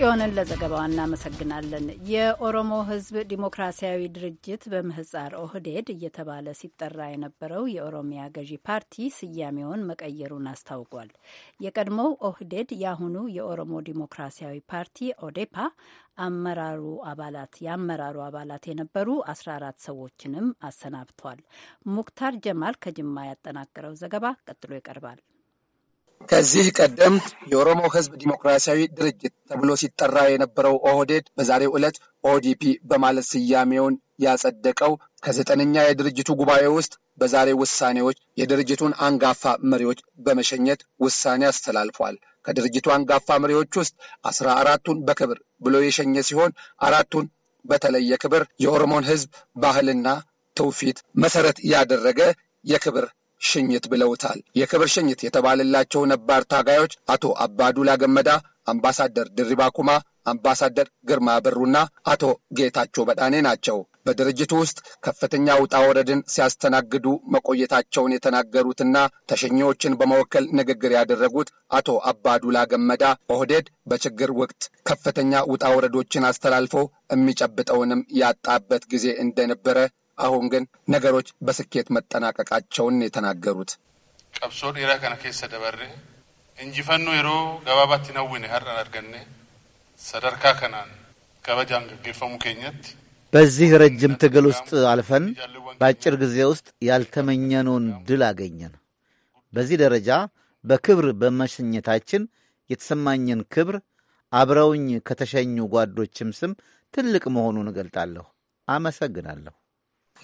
A: ጽዮንን ለዘገባው እናመሰግናለን። የኦሮሞ ሕዝብ ዲሞክራሲያዊ ድርጅት በምህጻር ኦህዴድ እየተባለ ሲጠራ የነበረው የኦሮሚያ ገዢ ፓርቲ ስያሜውን መቀየሩን አስታውቋል። የቀድሞው ኦህዴድ የአሁኑ የኦሮሞ ዲሞክራሲያዊ ፓርቲ ኦዴፓ አመራሩ አባላት የአመራሩ አባላት የነበሩ 14 ሰዎችንም አሰናብቷል። ሙክታር ጀማል ከጅማ ያጠናቀረው ዘገባ ቀጥሎ ይቀርባል።
I: ከዚህ ቀደም የኦሮሞ ህዝብ ዲሞክራሲያዊ ድርጅት ተብሎ ሲጠራ የነበረው ኦህዴድ በዛሬው ዕለት ኦዲፒ በማለት ስያሜውን ያጸደቀው ከዘጠነኛ የድርጅቱ ጉባኤ ውስጥ በዛሬ ውሳኔዎች የድርጅቱን አንጋፋ መሪዎች በመሸኘት ውሳኔ አስተላልፏል። ከድርጅቱ አንጋፋ መሪዎች ውስጥ አስራ አራቱን በክብር ብሎ የሸኘ ሲሆን አራቱን በተለየ ክብር የኦሮሞን ህዝብ ባህልና ትውፊት መሰረት ያደረገ የክብር ሽኝት ብለውታል። የክብር ሽኝት የተባለላቸው ነባር ታጋዮች አቶ አባዱላ ገመዳ፣ አምባሳደር ድሪባ ኩማ፣ አምባሳደር ግርማ ብሩና አቶ ጌታቸው በጣኔ ናቸው። በድርጅቱ ውስጥ ከፍተኛ ውጣ ወረድን ሲያስተናግዱ መቆየታቸውን የተናገሩትና ተሸኚዎችን በመወከል ንግግር ያደረጉት አቶ አባዱላ ገመዳ ኦህዴድ በችግር ወቅት ከፍተኛ ውጣ ወረዶችን አስተላልፎ የሚጨብጠውንም ያጣበት ጊዜ እንደነበረ አሁን ግን ነገሮች በስኬት መጠናቀቃቸውን የተናገሩት
F: ቀብሶን ራ ከነ ኬሰ ደበሬ እንጂፈኑ የሮ ገባባት ነዊነ ሀራን አርገኔ ሰደርካ ከናን ከበጃን ገፈሙ ኬኘት
D: በዚህ ረጅም ትግል ውስጥ አልፈን በአጭር ጊዜ ውስጥ ያልተመኘነውን ድል አገኘን። በዚህ ደረጃ በክብር በመሸኘታችን የተሰማኝን ክብር አብረውኝ ከተሸኙ ጓዶችም ስም ትልቅ መሆኑን እገልጣለሁ። አመሰግናለሁ።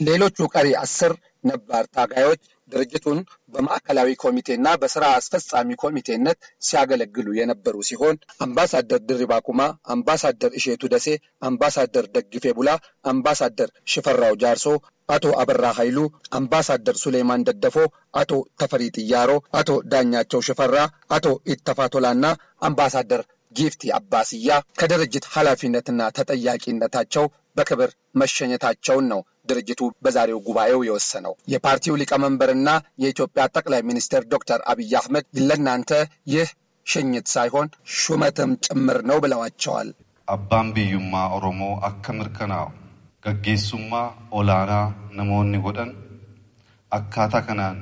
D: ሌሎቹ ቀሪ አስር ነባር ታጋዮች ድርጅቱን በማዕከላዊ ኮሚቴና በስራ አስፈጻሚ
I: ኮሚቴነት ሲያገለግሉ የነበሩ ሲሆን አምባሳደር ድሪባ ኩማ፣ አምባሳደር እሼቱ ደሴ፣ አምባሳደር ደግፌ ቡላ፣ አምባሳደር ሽፈራው ጃርሶ፣ አቶ አበራ ኃይሉ፣ አምባሳደር ሱሌማን ደደፎ፣ አቶ ተፈሪ ጥያሮ፣ አቶ ዳኛቸው ሽፈራ፣ አቶ ኢተፋቶላና አምባሳደር ጊፍቲ አባስያ ከድርጅት ኃላፊነትና ተጠያቂነታቸው በክብር መሸኘታቸውን ነው ድርጅቱ በዛሬው ጉባኤው የወሰነው። የፓርቲው ሊቀመንበርና የኢትዮጵያ ጠቅላይ ሚኒስትር ዶክተር አብይ አህመድ ለእናንተ ይህ ሽኝት ሳይሆን ሹመትም ጭምር ነው ብለዋቸዋል። አባን ብዩማ ኦሮሞ አከምርከና ገጌሱማ
C: ኦላና ነሞኒ ጎደን አካታ ከናን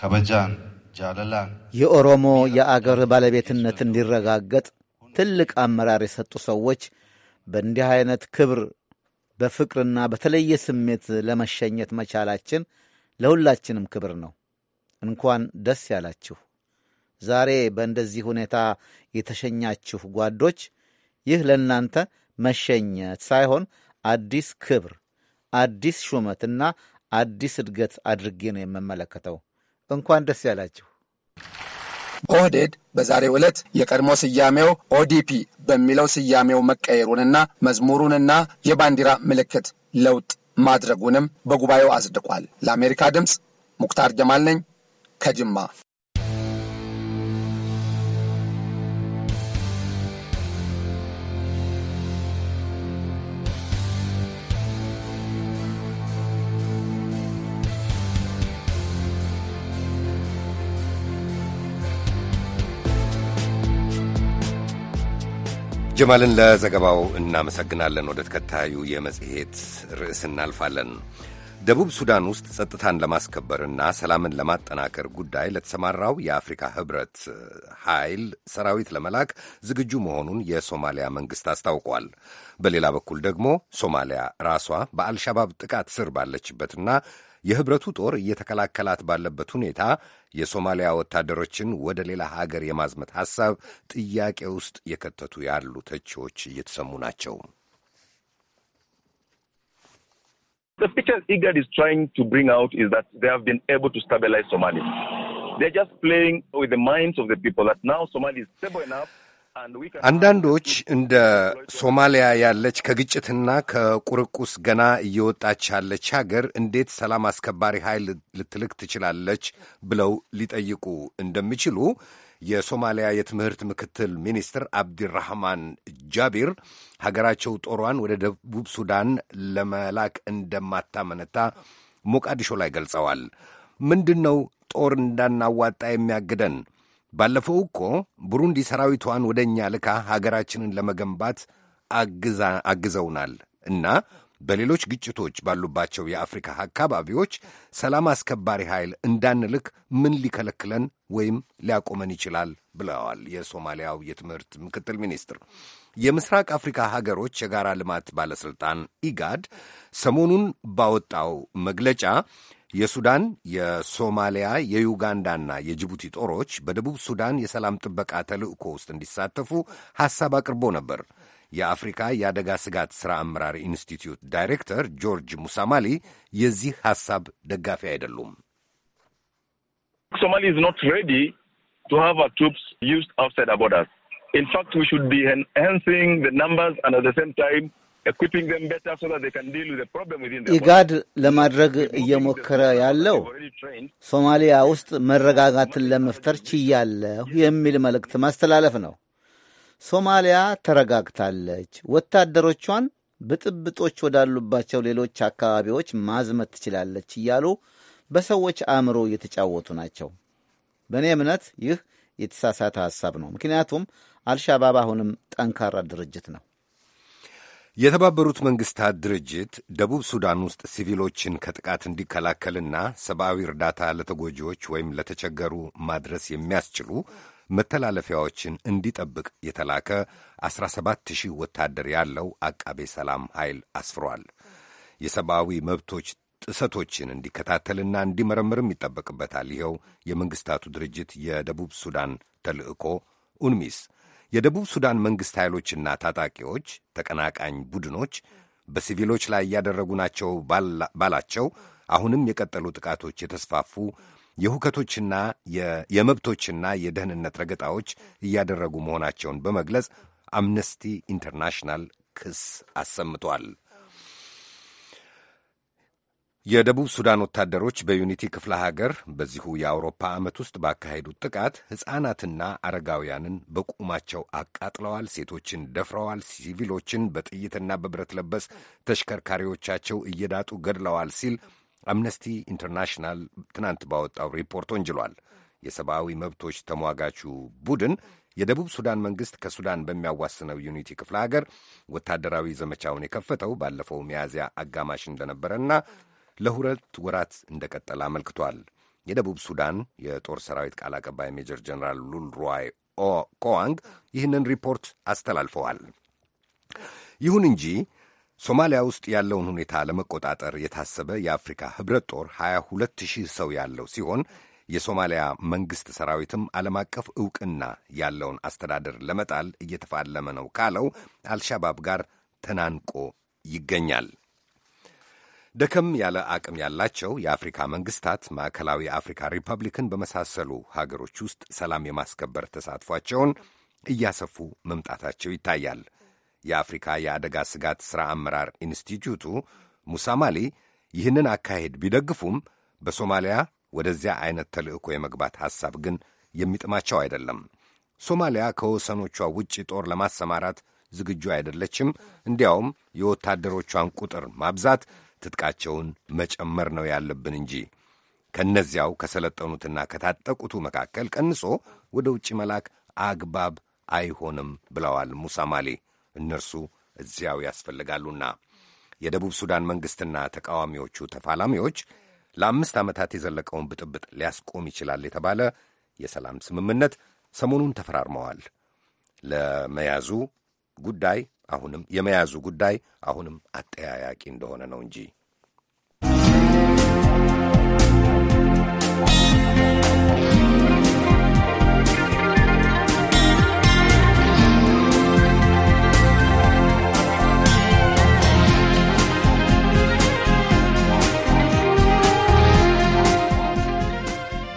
C: ከበጃን ጃለላን
D: የኦሮሞ የአገር ባለቤትነት እንዲረጋገጥ ትልቅ አመራር የሰጡ ሰዎች በእንዲህ አይነት ክብር በፍቅርና በተለየ ስሜት ለመሸኘት መቻላችን ለሁላችንም ክብር ነው። እንኳን ደስ ያላችሁ። ዛሬ በእንደዚህ ሁኔታ የተሸኛችሁ ጓዶች፣ ይህ ለእናንተ መሸኘት ሳይሆን አዲስ ክብር፣ አዲስ ሹመትና አዲስ እድገት አድርጌ ነው የምመለከተው። እንኳን ደስ ያላችሁ።
I: ኦህዴድ በዛሬ ዕለት የቀድሞ ስያሜው ኦዲፒ በሚለው ስያሜው መቀየሩንና መዝሙሩንና የባንዲራ ምልክት ለውጥ ማድረጉንም በጉባኤው አጽድቋል። ለአሜሪካ ድምፅ ሙክታር ጀማል ነኝ ከጅማ
B: ጀማልን ለዘገባው እናመሰግናለን። ወደ ተከታዩ የመጽሔት ርዕስ እናልፋለን። ደቡብ ሱዳን ውስጥ ጸጥታን ለማስከበርና ሰላምን ለማጠናከር ጉዳይ ለተሰማራው የአፍሪካ ህብረት ኃይል ሰራዊት ለመላክ ዝግጁ መሆኑን የሶማሊያ መንግሥት አስታውቋል። በሌላ በኩል ደግሞ ሶማሊያ ራሷ በአልሻባብ ጥቃት ስር ባለችበትና የህብረቱ ጦር እየተከላከላት ባለበት ሁኔታ የሶማሊያ ወታደሮችን ወደ ሌላ ሀገር የማዝመት ሐሳብ ጥያቄ ውስጥ የከተቱ ያሉ ተቺዎች እየተሰሙ ናቸው። ሶማሊ አንዳንዶች እንደ ሶማሊያ ያለች ከግጭትና ከቁርቁስ ገና እየወጣች ያለች ሀገር እንዴት ሰላም አስከባሪ ኃይል ልትልክ ትችላለች ብለው ሊጠይቁ እንደሚችሉ የሶማሊያ የትምህርት ምክትል ሚኒስትር አብዲራህማን ጃቢር ሀገራቸው ጦሯን ወደ ደቡብ ሱዳን ለመላክ እንደማታመነታ ሞቃዲሾ ላይ ገልጸዋል። ምንድን ነው ጦር እንዳናዋጣ የሚያግደን? ባለፈው እኮ ብሩንዲ ሰራዊቷን ወደ እኛ ልካ ሀገራችንን ለመገንባት አግዘውናል እና በሌሎች ግጭቶች ባሉባቸው የአፍሪካ አካባቢዎች ሰላም አስከባሪ ኃይል እንዳንልክ ምን ሊከለክለን ወይም ሊያቆመን ይችላል ብለዋል የሶማሊያው የትምህርት ምክትል ሚኒስትር። የምስራቅ አፍሪካ ሀገሮች የጋራ ልማት ባለሥልጣን ኢጋድ ሰሞኑን ባወጣው መግለጫ የሱዳን፣ የሶማሊያ፣ የዩጋንዳና የጅቡቲ ጦሮች በደቡብ ሱዳን የሰላም ጥበቃ ተልዕኮ ውስጥ እንዲሳተፉ ሐሳብ አቅርቦ ነበር። የአፍሪካ የአደጋ ስጋት ሥራ አመራር ኢንስቲትዩት ዳይሬክተር ጆርጅ ሙሳማሊ የዚህ ሐሳብ ደጋፊ አይደሉም።
J: ሶማሊ is not ready to have ኢጋድ
D: ለማድረግ እየሞከረ ያለው ሶማሊያ ውስጥ መረጋጋትን ለመፍጠር ችያለሁ የሚል መልእክት ማስተላለፍ ነው። ሶማሊያ ተረጋግታለች፣ ወታደሮቿን ብጥብጦች ወዳሉባቸው ሌሎች አካባቢዎች ማዝመት ትችላለች እያሉ በሰዎች አእምሮ እየተጫወቱ ናቸው። በእኔ እምነት ይህ የተሳሳተ ሐሳብ ነው። ምክንያቱም አልሻባብ አሁንም ጠንካራ ድርጅት ነው።
B: የተባበሩት መንግስታት ድርጅት
D: ደቡብ ሱዳን ውስጥ ሲቪሎችን ከጥቃት
B: እንዲከላከልና ሰብአዊ እርዳታ ለተጎጂዎች ወይም ለተቸገሩ ማድረስ የሚያስችሉ መተላለፊያዎችን እንዲጠብቅ የተላከ 17 ሺህ ወታደር ያለው አቃቤ ሰላም ኃይል አስፍሯል። የሰብአዊ መብቶች ጥሰቶችን እንዲከታተልና እንዲመረምርም ይጠበቅበታል። ይኸው የመንግስታቱ ድርጅት የደቡብ ሱዳን ተልዕኮ ኡንሚስ የደቡብ ሱዳን መንግሥት ኃይሎችና ታጣቂዎች ተቀናቃኝ ቡድኖች በሲቪሎች ላይ እያደረጉ ናቸው ባላቸው አሁንም የቀጠሉ ጥቃቶች የተስፋፉ የሁከቶችና የመብቶችና የደህንነት ረገጣዎች እያደረጉ መሆናቸውን በመግለጽ አምነስቲ ኢንተርናሽናል ክስ አሰምቷል። የደቡብ ሱዳን ወታደሮች በዩኒቲ ክፍለ ሀገር በዚሁ የአውሮፓ ዓመት ውስጥ ባካሄዱት ጥቃት ሕፃናትና አረጋውያንን በቁማቸው አቃጥለዋል፣ ሴቶችን ደፍረዋል፣ ሲቪሎችን በጥይትና በብረት ለበስ ተሽከርካሪዎቻቸው እየዳጡ ገድለዋል ሲል አምነስቲ ኢንተርናሽናል ትናንት ባወጣው ሪፖርት ወንጅሏል። የሰብአዊ መብቶች ተሟጋቹ ቡድን የደቡብ ሱዳን መንግሥት ከሱዳን በሚያዋስነው ዩኒቲ ክፍለ ሀገር ወታደራዊ ዘመቻውን የከፈተው ባለፈው ሚያዝያ አጋማሽ እንደነበረና ለሁለት ወራት እንደቀጠለ አመልክቷል። የደቡብ ሱዳን የጦር ሰራዊት ቃል አቀባይ ሜጀር ጀነራል ሉልሩዋይ ኮዋንግ ይህንን ሪፖርት አስተላልፈዋል። ይሁን እንጂ ሶማሊያ ውስጥ ያለውን ሁኔታ ለመቆጣጠር የታሰበ የአፍሪካ ህብረት ጦር 22 ሺህ ሰው ያለው ሲሆን የሶማሊያ መንግሥት ሰራዊትም ዓለም አቀፍ ዕውቅና ያለውን አስተዳደር ለመጣል እየተፋለመ ነው ካለው አልሻባብ ጋር ተናንቆ ይገኛል። ደከም ያለ አቅም ያላቸው የአፍሪካ መንግስታት ማዕከላዊ አፍሪካ ሪፐብሊክን በመሳሰሉ ሀገሮች ውስጥ ሰላም የማስከበር ተሳትፏቸውን እያሰፉ መምጣታቸው ይታያል። የአፍሪካ የአደጋ ስጋት ሥራ አመራር ኢንስቲትዩቱ ሙሳማሊ ይህንን አካሄድ ቢደግፉም በሶማሊያ ወደዚያ አይነት ተልዕኮ የመግባት ሐሳብ ግን የሚጥማቸው አይደለም። ሶማሊያ ከወሰኖቿ ውጭ ጦር ለማሰማራት ዝግጁ አይደለችም። እንዲያውም የወታደሮቿን ቁጥር ማብዛት ትጥቃቸውን መጨመር ነው ያለብን እንጂ ከእነዚያው ከሰለጠኑትና ከታጠቁቱ መካከል ቀንሶ ወደ ውጭ መላክ አግባብ አይሆንም ብለዋል ሙሳ ማሌ። እነርሱ እዚያው ያስፈልጋሉና የደቡብ ሱዳን መንግሥትና ተቃዋሚዎቹ ተፋላሚዎች ለአምስት ዓመታት የዘለቀውን ብጥብጥ ሊያስቆም ይችላል የተባለ የሰላም ስምምነት ሰሞኑን ተፈራርመዋል። ለመያዙ ጉዳይ አሁንም የመያዙ ጉዳይ አሁንም አጠያያቂ እንደሆነ ነው እንጂ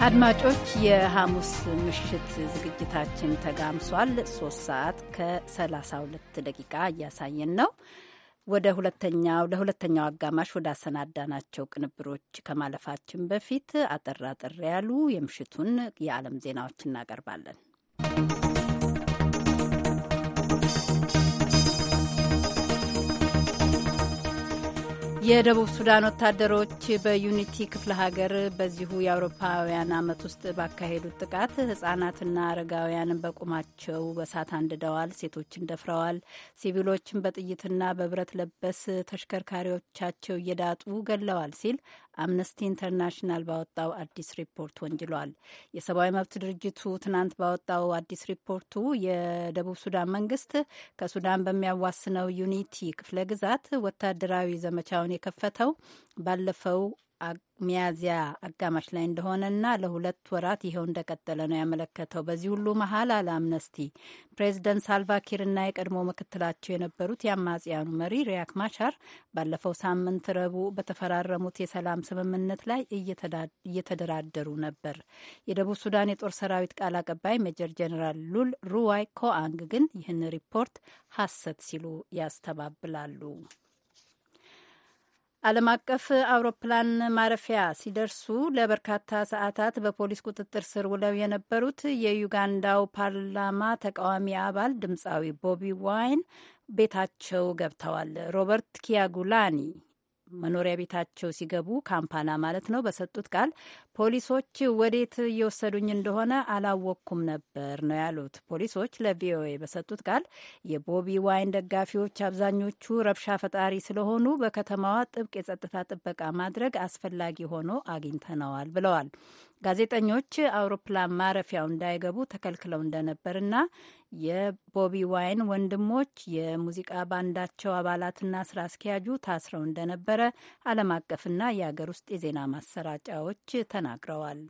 A: አድማጮች የሐሙስ ምሽት ዝግጅታችን ተጋምሷል። ሶስት ሰዓት ከ32 ደቂቃ እያሳየን ነው። ወደ ሁለተኛው ለሁለተኛው አጋማሽ ወደ አሰናዳናቸው ቅንብሮች ከማለፋችን በፊት አጠር አጠር ያሉ የምሽቱን የዓለም ዜናዎች እናቀርባለን። የደቡብ ሱዳን ወታደሮች በዩኒቲ ክፍለ ሀገር በዚሁ የአውሮፓውያን ዓመት ውስጥ ባካሄዱት ጥቃት ህጻናትና አረጋውያንን በቁማቸው በሳት አንድደዋል፣ ሴቶችን ደፍረዋል፣ ሲቪሎችን በጥይትና በብረት ለበስ ተሽከርካሪዎቻቸው እየዳጡ ገለዋል ሲል አምነስቲ ኢንተርናሽናል ባወጣው አዲስ ሪፖርት ወንጅሏል። የሰብአዊ መብት ድርጅቱ ትናንት ባወጣው አዲስ ሪፖርቱ የደቡብ ሱዳን መንግስት ከሱዳን በሚያዋስነው ዩኒቲ ክፍለ ግዛት ወታደራዊ ዘመቻውን የከፈተው ባለፈው ሚያዝያ አጋማሽ ላይ እንደሆነና ለሁለት ወራት ይኸው እንደቀጠለ ነው ያመለከተው። በዚህ ሁሉ መሀል አለ አምነስቲ ፕሬዚደንት ሳልቫኪርና የቀድሞ ምክትላቸው የነበሩት የአማጽያኑ መሪ ሪያክ ማሻር ባለፈው ሳምንት ረቡዕ በተፈራረሙት የሰላም ስምምነት ላይ እየተደራደሩ ነበር። የደቡብ ሱዳን የጦር ሰራዊት ቃል አቀባይ ሜጀር ጀኔራል ሉል ሩዋይ ኮአንግ ግን ይህን ሪፖርት ሐሰት ሲሉ ያስተባብላሉ። ዓለም አቀፍ አውሮፕላን ማረፊያ ሲደርሱ ለበርካታ ሰዓታት በፖሊስ ቁጥጥር ስር ውለው የነበሩት የዩጋንዳው ፓርላማ ተቃዋሚ አባል ድምፃዊ ቦቢ ዋይን ቤታቸው ገብተዋል። ሮበርት ኪያጉላኒ መኖሪያ ቤታቸው ሲገቡ ካምፓላ ማለት ነው በሰጡት ቃል ፖሊሶች ወዴት እየወሰዱኝ እንደሆነ አላወቅኩም ነበር ነው ያሉት። ፖሊሶች ለቪኦኤ በሰጡት ቃል የቦቢ ዋይን ደጋፊዎች አብዛኞቹ ረብሻ ፈጣሪ ስለሆኑ በከተማዋ ጥብቅ የጸጥታ ጥበቃ ማድረግ አስፈላጊ ሆኖ አግኝተነዋል ብለዋል። ጋዜጠኞች አውሮፕላን ማረፊያው እንዳይገቡ ተከልክለው እንደነበርና የቦቢ ዋይን ወንድሞች የሙዚቃ ባንዳቸው አባላትና ስራ አስኪያጁ ታስረው እንደነበረ ዓለም አቀፍና የአገር ውስጥ የዜና ማሰራጫዎች ተናግረዋል።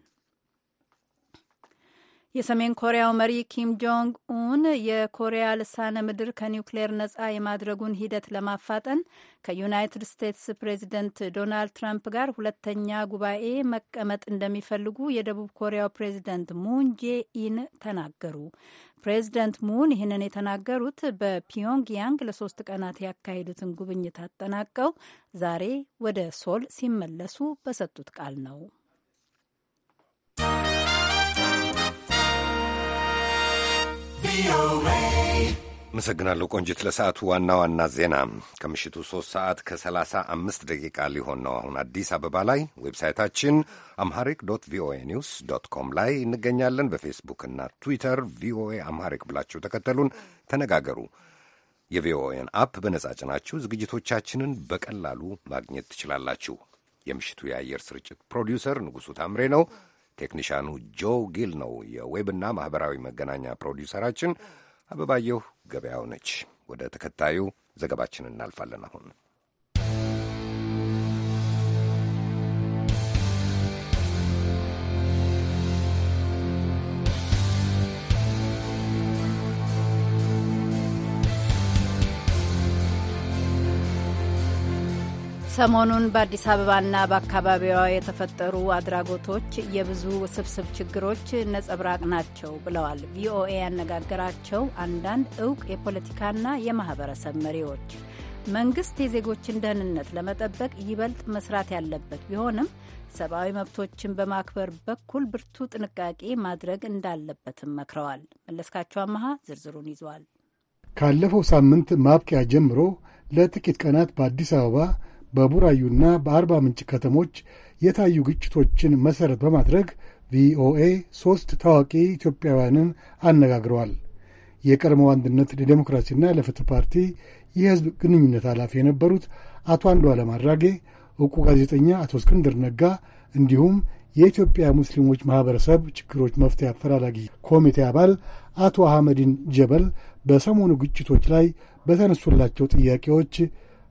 A: የሰሜን ኮሪያው መሪ ኪም ጆንግ ኡን የኮሪያ ልሳነ ምድር ከኒውክሌር ነጻ የማድረጉን ሂደት ለማፋጠን ከዩናይትድ ስቴትስ ፕሬዚደንት ዶናልድ ትራምፕ ጋር ሁለተኛ ጉባኤ መቀመጥ እንደሚፈልጉ የደቡብ ኮሪያው ፕሬዚደንት ሙን ጄኢን ተናገሩ። ፕሬዚደንት ሙን ይህንን የተናገሩት በፒዮንግያንግ ለሶስት ቀናት ያካሄዱትን ጉብኝት አጠናቀው ዛሬ ወደ ሶል ሲመለሱ በሰጡት ቃል ነው።
B: አመሰግናለሁ ቆንጂት። ለሰዓቱ ዋና ዋና ዜና ከምሽቱ 3 ሰዓት ከ35 ደቂቃ ሊሆን ነው አሁን አዲስ አበባ ላይ። ዌብሳይታችን አምሐሪክ ዶት ቪኦኤ ኒውስ ዶት ኮም ላይ እንገኛለን። በፌስቡክና ትዊተር ቪኦኤ አምሐሪክ ብላችሁ ተከተሉን፣ ተነጋገሩ። የቪኦኤን አፕ በነጻ ጭናችሁ ዝግጅቶቻችንን በቀላሉ ማግኘት ትችላላችሁ። የምሽቱ የአየር ስርጭት ፕሮዲውሰር ንጉሡ ታምሬ ነው። ቴክኒሻኑ ጆ ጊል ነው። የዌብና ማኅበራዊ መገናኛ ፕሮዲውሰራችን አበባየሁ ገበያው ነች። ወደ ተከታዩ ዘገባችን እናልፋለን አሁን
A: ሰሞኑን በአዲስ አበባና በአካባቢዋ የተፈጠሩ አድራጎቶች የብዙ ውስብስብ ችግሮች ነጸብራቅ ናቸው ብለዋል ቪኦኤ ያነጋገራቸው አንዳንድ እውቅ የፖለቲካና የማህበረሰብ መሪዎች። መንግስት የዜጎችን ደህንነት ለመጠበቅ ይበልጥ መስራት ያለበት ቢሆንም ሰብአዊ መብቶችን በማክበር በኩል ብርቱ ጥንቃቄ ማድረግ እንዳለበትም መክረዋል። መለስካቸው አመሃ ዝርዝሩን ይዟል።
E: ካለፈው ሳምንት ማብቂያ ጀምሮ ለጥቂት ቀናት በአዲስ አበባ በቡራዩና በአርባ ምንጭ ከተሞች የታዩ ግጭቶችን መሠረት በማድረግ ቪኦኤ ሦስት ታዋቂ ኢትዮጵያውያንን አነጋግረዋል። የቀድሞው አንድነት ለዴሞክራሲና ለፍትህ ፓርቲ የሕዝብ ግንኙነት ኃላፊ የነበሩት አቶ አንዱዓለም አራጌ፣ ዕውቁ ጋዜጠኛ አቶ እስክንድር ነጋ እንዲሁም የኢትዮጵያ ሙስሊሞች ማኅበረሰብ ችግሮች መፍትሄ አፈላላጊ ኮሚቴ አባል አቶ አህመዲን ጀበል በሰሞኑ ግጭቶች ላይ በተነሱላቸው ጥያቄዎች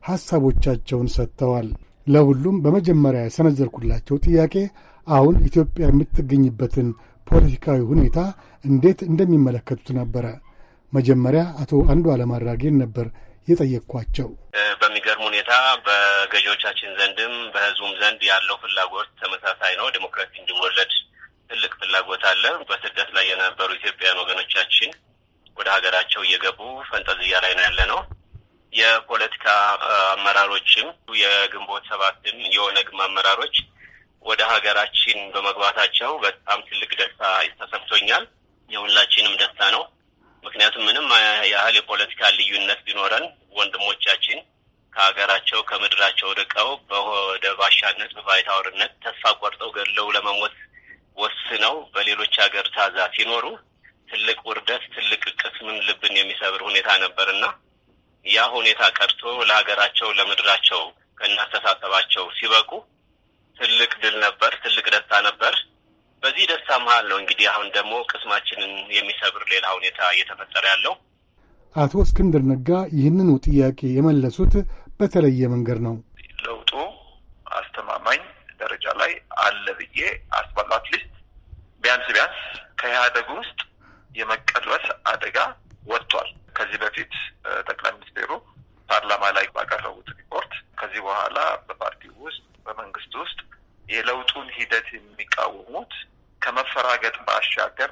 E: ሐሳቦቻቸውን ሰጥተዋል። ለሁሉም በመጀመሪያ የሰነዘርኩላቸው ጥያቄ አሁን ኢትዮጵያ የምትገኝበትን ፖለቲካዊ ሁኔታ እንዴት እንደሚመለከቱት ነበረ። መጀመሪያ አቶ አንዱ አራጌን ነበር የጠየቅኳቸው። በሚገርም ሁኔታ በገዢዎቻችን ዘንድም በህዝቡም ዘንድ ያለው ፍላጎት
K: ተመሳሳይ ነው። ዴሞክራሲ እንዲወለድ ትልቅ ፍላጎት አለ። በስደት ላይ የነበሩ ኢትዮጵያውያን ወገኖቻችን ወደ ሀገራቸው እየገቡ ፈንጠዝያ ላይ ነው ያለ ነው። የፖለቲካ አመራሮችም የግንቦት ሰባትም የኦነግም አመራሮች ወደ ሀገራችን በመግባታቸው በጣም ትልቅ ደስታ ተሰምቶኛል። የሁላችንም ደስታ ነው። ምክንያቱም ምንም ያህል የፖለቲካ ልዩነት ቢኖረን ወንድሞቻችን ከሀገራቸው ከምድራቸው ርቀው በወደ ባሻነት በባይታወርነት ተስፋ ቆርጠው ገድለው ለመሞት ወስነው በሌሎች ሀገር ታዛ ሲኖሩ ትልቅ ውርደት፣ ትልቅ ቅስምን ልብን የሚሰብር ሁኔታ ነበርና ያ ሁኔታ ቀርቶ ለሀገራቸው ለምድራቸው ከናስተሳሰባቸው ሲበቁ ትልቅ ድል ነበር፣ ትልቅ ደስታ ነበር። በዚህ ደስታ መሀል ነው እንግዲህ አሁን ደግሞ ቅስማችንን የሚሰብር ሌላ ሁኔታ እየተፈጠረ ያለው።
E: አቶ እስክንድር ነጋ ይህንኑ ጥያቄ የመለሱት በተለየ መንገድ ነው።
J: ለውጡ አስተማማኝ ደረጃ ላይ አለ ብዬ አስባለሁ። አትሊስት ቢያንስ ቢያንስ ከኢህአደግ ውስጥ የመቀልበስ አደጋ ባሻገር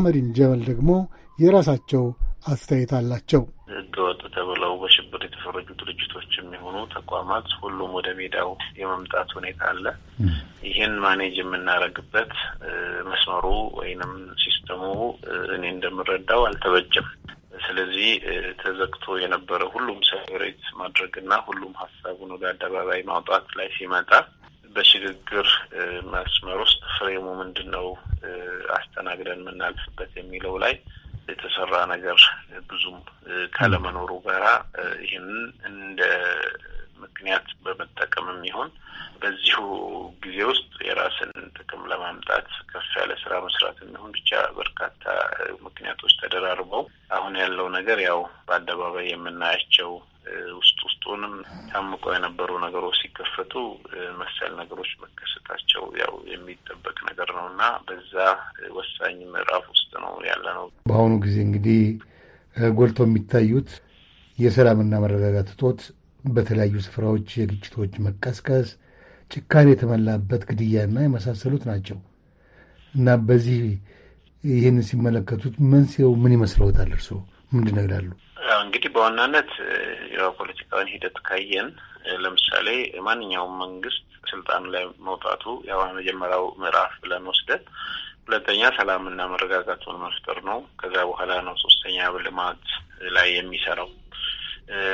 E: አመዲን ጀበል ደግሞ የራሳቸው አስተያየት አላቸው።
J: ህገወጥ ተብለው በሽብር
F: የተፈረጁ ድርጅቶች የሚሆኑ ተቋማት ሁሉም ወደ ሜዳው የመምጣት ሁኔታ አለ። ይህን ማኔጅ የምናደርግበት መስመሩ ወይንም ሳይሆን በዚሁ ጊዜ ውስጥ የራስን ጥቅም ለማምጣት ከፍ ያለ ስራ መስራት የሚሆን ብቻ በርካታ ምክንያቶች ተደራርበው አሁን ያለው ነገር ያው በአደባባይ የምናያቸው ውስጥ ውስጡንም ታምቀው የነበሩ ነገሮች ሲከፈቱ መሰል ነገሮች መከሰታቸው ያው የሚጠበቅ ነገር ነው እና በዛ ወሳኝ ምዕራፍ ውስጥ ነው
E: ያለ ነው። በአሁኑ ጊዜ እንግዲህ ጎልቶ የሚታዩት የሰላምና መረጋጋት እጦት በተለያዩ ስፍራዎች የግጭቶች መቀስቀስ፣ ጭካኔ የተሞላበት ግድያና የመሳሰሉት ናቸው እና በዚህ ይህን ሲመለከቱት መንስኤው ምን ይመስለውታል እርስዎ ምንድን ነው ይላሉ?
F: እንግዲህ በዋናነት የፖለቲካውን ሂደት ካየን ለምሳሌ ማንኛውም መንግስት ስልጣን ላይ መውጣቱ ያው መጀመሪያው ምዕራፍ ብለን ወስደን፣ ሁለተኛ ሰላምና መረጋጋቱን መፍጠር ነው። ከዚያ በኋላ ነው ሶስተኛ ልማት ላይ የሚሰራው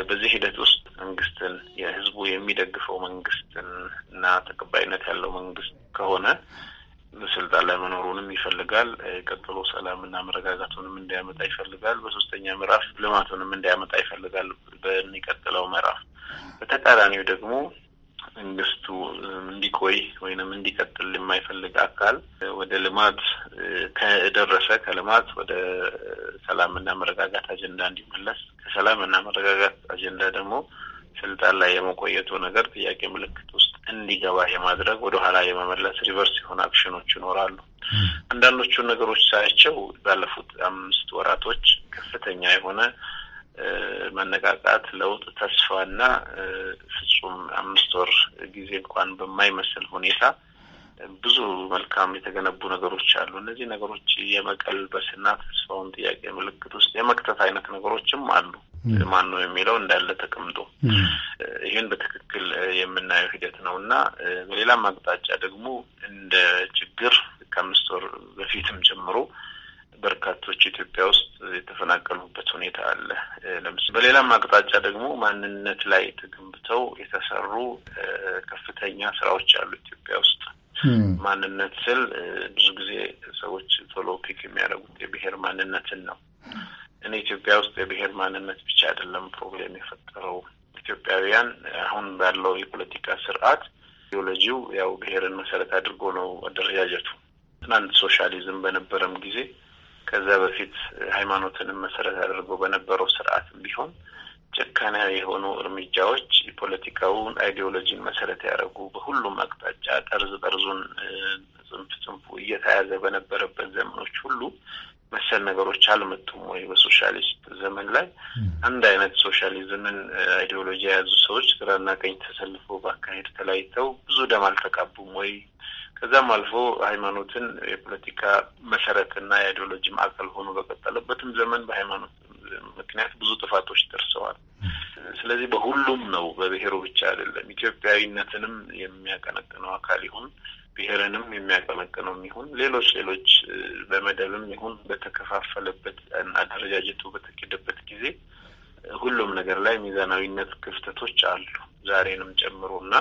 F: በዚህ ሂደት ውስጥ መንግስትን የህዝቡ የሚደግፈው መንግስትን እና ተቀባይነት ያለው መንግስት ከሆነ ስልጣን ላይ መኖሩንም ይፈልጋል። ቀጥሎ ሰላምና መረጋጋቱንም እንዲያመጣ ይፈልጋል። በሶስተኛ ምዕራፍ ልማቱንም እንዲያመጣ ይፈልጋል። በሚቀጥለው ምዕራፍ በተቃራኒው ደግሞ መንግስቱ እንዲቆይ ወይንም እንዲቀጥል የማይፈልግ አካል ወደ ልማት ከደረሰ ከልማት ወደ ሰላምና መረጋጋት አጀንዳ እንዲመለስ ከሰላምና መረጋጋት አጀንዳ ደግሞ ስልጣን ላይ የመቆየቱ ነገር ጥያቄ ምልክት ውስጥ እንዲገባ የማድረግ ወደኋላ የመመለስ ሪቨርስ የሆነ አክሽኖች ይኖራሉ። አንዳንዶቹ ነገሮች ሳያቸው ባለፉት አምስት ወራቶች ከፍተኛ የሆነ መነቃቃት፣ ለውጥ፣ ተስፋና ፍጹም አምስት ወር ጊዜ እንኳን በማይመስል ሁኔታ ብዙ መልካም የተገነቡ ነገሮች አሉ። እነዚህ ነገሮች የመቀልበስና ተስፋውን ጥያቄ ምልክት ውስጥ የመክተት አይነት ነገሮችም አሉ። ማን ነው የሚለው እንዳለ ተቀምጦ ይህን በትክክል የምናየው ሂደት ነው እና በሌላም አቅጣጫ ደግሞ እንደ ችግር ከአምስት ወር በፊትም ጀምሮ በርካቶች ኢትዮጵያ ውስጥ የተፈናቀሉበት ሁኔታ አለ። ለምስ በሌላም አቅጣጫ ደግሞ ማንነት ላይ ተገንብተው የተሰሩ ከፍተኛ ስራዎች አሉ ኢትዮጵያ ውስጥ። ማንነት ስል ብዙ ጊዜ ሰዎች ቶሎ ፒክ የሚያደርጉት የብሔር ማንነትን ነው። እኔ ኢትዮጵያ ውስጥ የብሔር ማንነት ብቻ አይደለም ፕሮብሌም የፈጠረው። ኢትዮጵያውያን አሁን ባለው የፖለቲካ ስርዓት ኢዲዮሎጂው ያው ብሔርን መሰረት አድርጎ ነው አደረጃጀቱ። ትናንት ሶሻሊዝም በነበረም ጊዜ ከዛ በፊት ሃይማኖትንም መሰረት አድርጎ በነበረው ስራ ሲሆን ጨካና የሆኑ እርምጃዎች የፖለቲካውን አይዲዮሎጂን መሰረት ያደረጉ በሁሉም አቅጣጫ ጠርዝ ጠርዙን ጽንፍ ጽንፉ እየተያዘ በነበረበት ዘመኖች ሁሉ መሰል ነገሮች አልመጡም ወይ? በሶሻሊስት ዘመን ላይ አንድ አይነት ሶሻሊዝምን አይዲዮሎጂ የያዙ ሰዎች ግራና ቀኝ ተሰልፎ በአካሄድ ተለያይተው ብዙ ደም አልተቃቡም ወይ? ከዛም አልፎ ሃይማኖትን የፖለቲካ መሰረትና የአይዲዮሎጂ ማዕከል ሆኖ በቀጠለበትም ዘመን በሃይማኖት ምክንያት ብዙ ጥፋቶች ደርሰዋል። ስለዚህ በሁሉም ነው፣ በብሔሩ ብቻ አይደለም። ኢትዮጵያዊነትንም የሚያቀነቅነው አካል ይሁን ብሔርንም የሚያቀነቅነው ይሁን ሌሎች ሌሎች በመደብም ይሁን በተከፋፈለበት አደረጃጀቱ በተኬደበት ጊዜ ሁሉም ነገር ላይ ሚዛናዊነት ክፍተቶች አሉ ዛሬንም ጨምሮ እና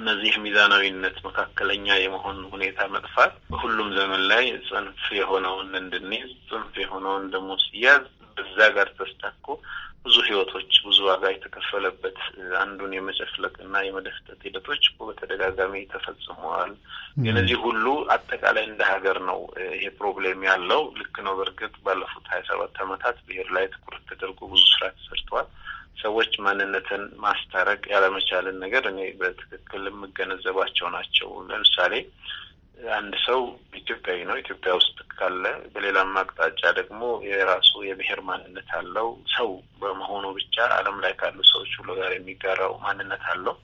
F: እነዚህ ሚዛናዊነት መካከለኛ የመሆን ሁኔታ መጥፋት በሁሉም ዘመን ላይ ጽንፍ የሆነውን እንድንይዝ ጽንፍ የሆነውን ደግሞ ሲያዝ በዛ ጋር ተስታኮ ብዙ ህይወቶች ብዙ ዋጋ የተከፈለበት አንዱን የመጨፍለቅ እና የመደፍጠት ሂደቶች በተደጋጋሚ ተፈጽመዋል። እነዚህ ሁሉ አጠቃላይ እንደ ሀገር ነው ይሄ ፕሮብሌም ያለው ልክ ነው። በእርግጥ ባለፉት ሀያ ሰባት ዓመታት ብሔር ላይ ትኩረት ተደርጎ ብዙ ስራ ተሰርተዋል። ሰዎች ማንነትን ማስታረቅ ያለመቻልን ነገር እኔ በትክክል የምገነዘባቸው ናቸው። ለምሳሌ አንድ ሰው ኢትዮጵያዊ ነው። ኢትዮጵያ ውስጥ ካለ በሌላም አቅጣጫ ደግሞ የራሱ የብሔር ማንነት አለው። ሰው በመሆኑ ብቻ ዓለም ላይ ካሉ ሰዎች ሁሉ ጋር የሚጋራው ማንነት አለው።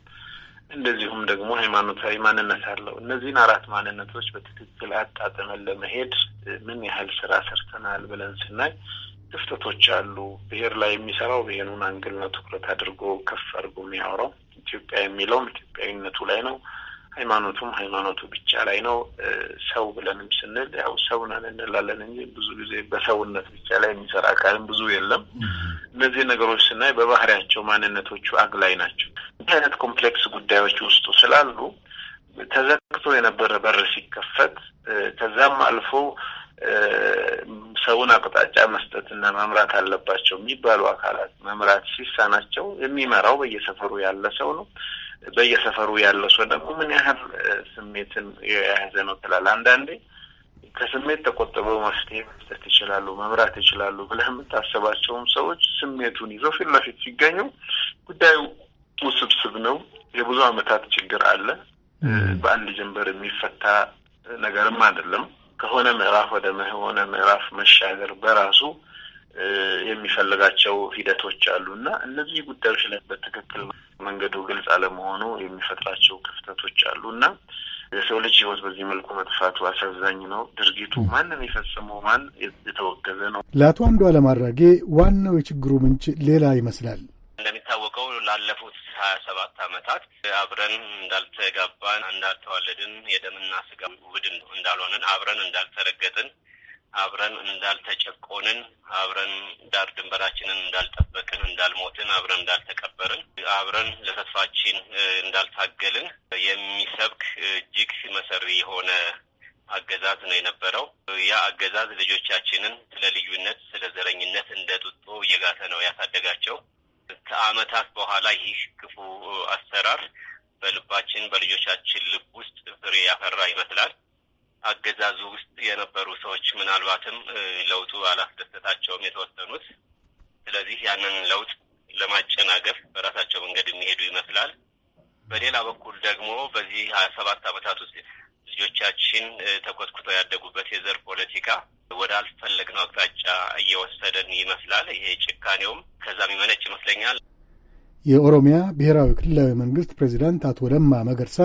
F: እንደዚሁም ደግሞ ሃይማኖታዊ ማንነት አለው። እነዚህን አራት ማንነቶች በትክክል አጣጥመን ለመሄድ ምን ያህል ስራ ሰርተናል ብለን ስናይ ክፍተቶች አሉ። ብሔር ላይ የሚሰራው ብሔሩን አንግል ነው ትኩረት አድርጎ ከፍ አድርጎ የሚያወራው ኢትዮጵያ የሚለውም ኢትዮጵያዊነቱ ላይ ነው። ሃይማኖቱም ሃይማኖቱ ብቻ ላይ ነው። ሰው ብለንም ስንል ያው ሰው ነን እንላለን እንጂ ብዙ ጊዜ በሰውነት ብቻ ላይ የሚሰራ ቃልም ብዙ የለም። እነዚህ ነገሮች ስናይ በባህሪያቸው ማንነቶቹ አግላይ ናቸው። እንዲህ አይነት ኮምፕሌክስ ጉዳዮች ውስጡ ስላሉ ተዘግቶ የነበረ በር ሲከፈት ከዛም አልፎ ሰውን አቅጣጫ መስጠትና መምራት አለባቸው የሚባሉ አካላት መምራት ሲሳናቸው የሚመራው በየሰፈሩ ያለ ሰው ነው። በየሰፈሩ ያለው ሰው ደግሞ ምን ያህል ስሜትን የያዘ ነው ትላል። አንዳንዴ ከስሜት ተቆጥበው መፍትሄ መስጠት ይችላሉ፣ መምራት ይችላሉ ብለህ የምታስባቸውም ሰዎች ስሜቱን ይዘው ፊት ለፊት ሲገኙ ጉዳዩ ውስብስብ ነው። የብዙ ዓመታት ችግር አለ። በአንድ ጀንበር የሚፈታ ነገርም አይደለም። ከሆነ ምዕራፍ ወደ ሆነ ምዕራፍ መሻገር በራሱ የሚፈልጋቸው ሂደቶች አሉ እና እነዚህ ጉዳዮች ላይ በትክክል መንገዱ ግልጽ አለመሆኑ የሚፈጥራቸው ክፍተቶች አሉ እና የሰው ልጅ ህይወት በዚህ መልኩ መጥፋቱ አሳዛኝ ነው። ድርጊቱ ማንም የፈጸመው ማን የተወገዘ ነው።
E: ለአቶ አንዱ አለማራጌ ዋናው የችግሩ ምንጭ ሌላ ይመስላል። እንደሚታወቀው ላለፉት ሀያ ሰባት ዓመታት
K: አብረን እንዳልተጋባን፣ እንዳልተዋለድን፣ የደምና ስጋ ውድ እንዳልሆንን፣ አብረን እንዳልተረገጥን አብረን እንዳልተጨቆንን፣ አብረን ዳር ድንበራችንን እንዳልጠበቅን፣ እንዳልሞትን፣ አብረን እንዳልተቀበርን፣ አብረን ለተስፋችን እንዳልታገልን የሚሰብክ እጅግ መሰሪ የሆነ አገዛዝ ነው የነበረው። ያ አገዛዝ ልጆቻችንን ስለ ልዩነት፣ ስለ ዘረኝነት እንደ ጡጦ እየጋተ ነው ያሳደጋቸው። ከዓመታት በኋላ ይህ ክፉ አሰራር በልባችን በልጆቻችን ልብ ውስጥ ፍሬ ያፈራ ይመስላል። አገዛዙ ውስጥ የነበሩ ሰዎች ምናልባትም ለውጡ አላስደሰታቸውም የተወሰኑት። ስለዚህ ያንን ለውጥ ለማጨናገፍ በራሳቸው መንገድ የሚሄዱ ይመስላል። በሌላ በኩል ደግሞ በዚህ ሀያ ሰባት ዓመታት ውስጥ ልጆቻችን ተኮትኩተው ያደጉበት የዘር ፖለቲካ ወደ አልፈለግነው አቅጣጫ እየወሰደን ይመስላል። ይሄ ጭካኔውም ከዛ የሚመነጭ ይመስለኛል።
E: የኦሮሚያ ብሔራዊ ክልላዊ መንግስት ፕሬዚዳንት አቶ ለማ መገርሳ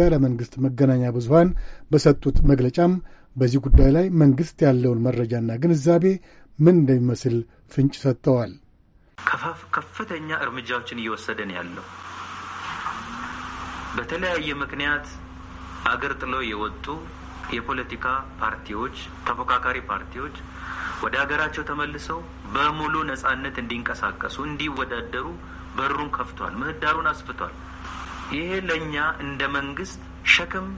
E: ያለ መንግስት መገናኛ ብዙሀን በሰጡት መግለጫም በዚህ ጉዳይ ላይ መንግሥት ያለውን መረጃና ግንዛቤ ምን እንደሚመስል ፍንጭ ሰጥተዋል።
L: ከፍተኛ እርምጃዎችን እየወሰደን ያለው በተለያየ ምክንያት አገር ጥለው የወጡ የፖለቲካ ፓርቲዎች፣ ተፎካካሪ ፓርቲዎች ወደ ሀገራቸው ተመልሰው በሙሉ ነጻነት እንዲንቀሳቀሱ፣ እንዲወዳደሩ በሩን ከፍቷል፣ ምህዳሩን አስፍቷል። ይሄ ለእኛ እንደ መንግስት ሸክም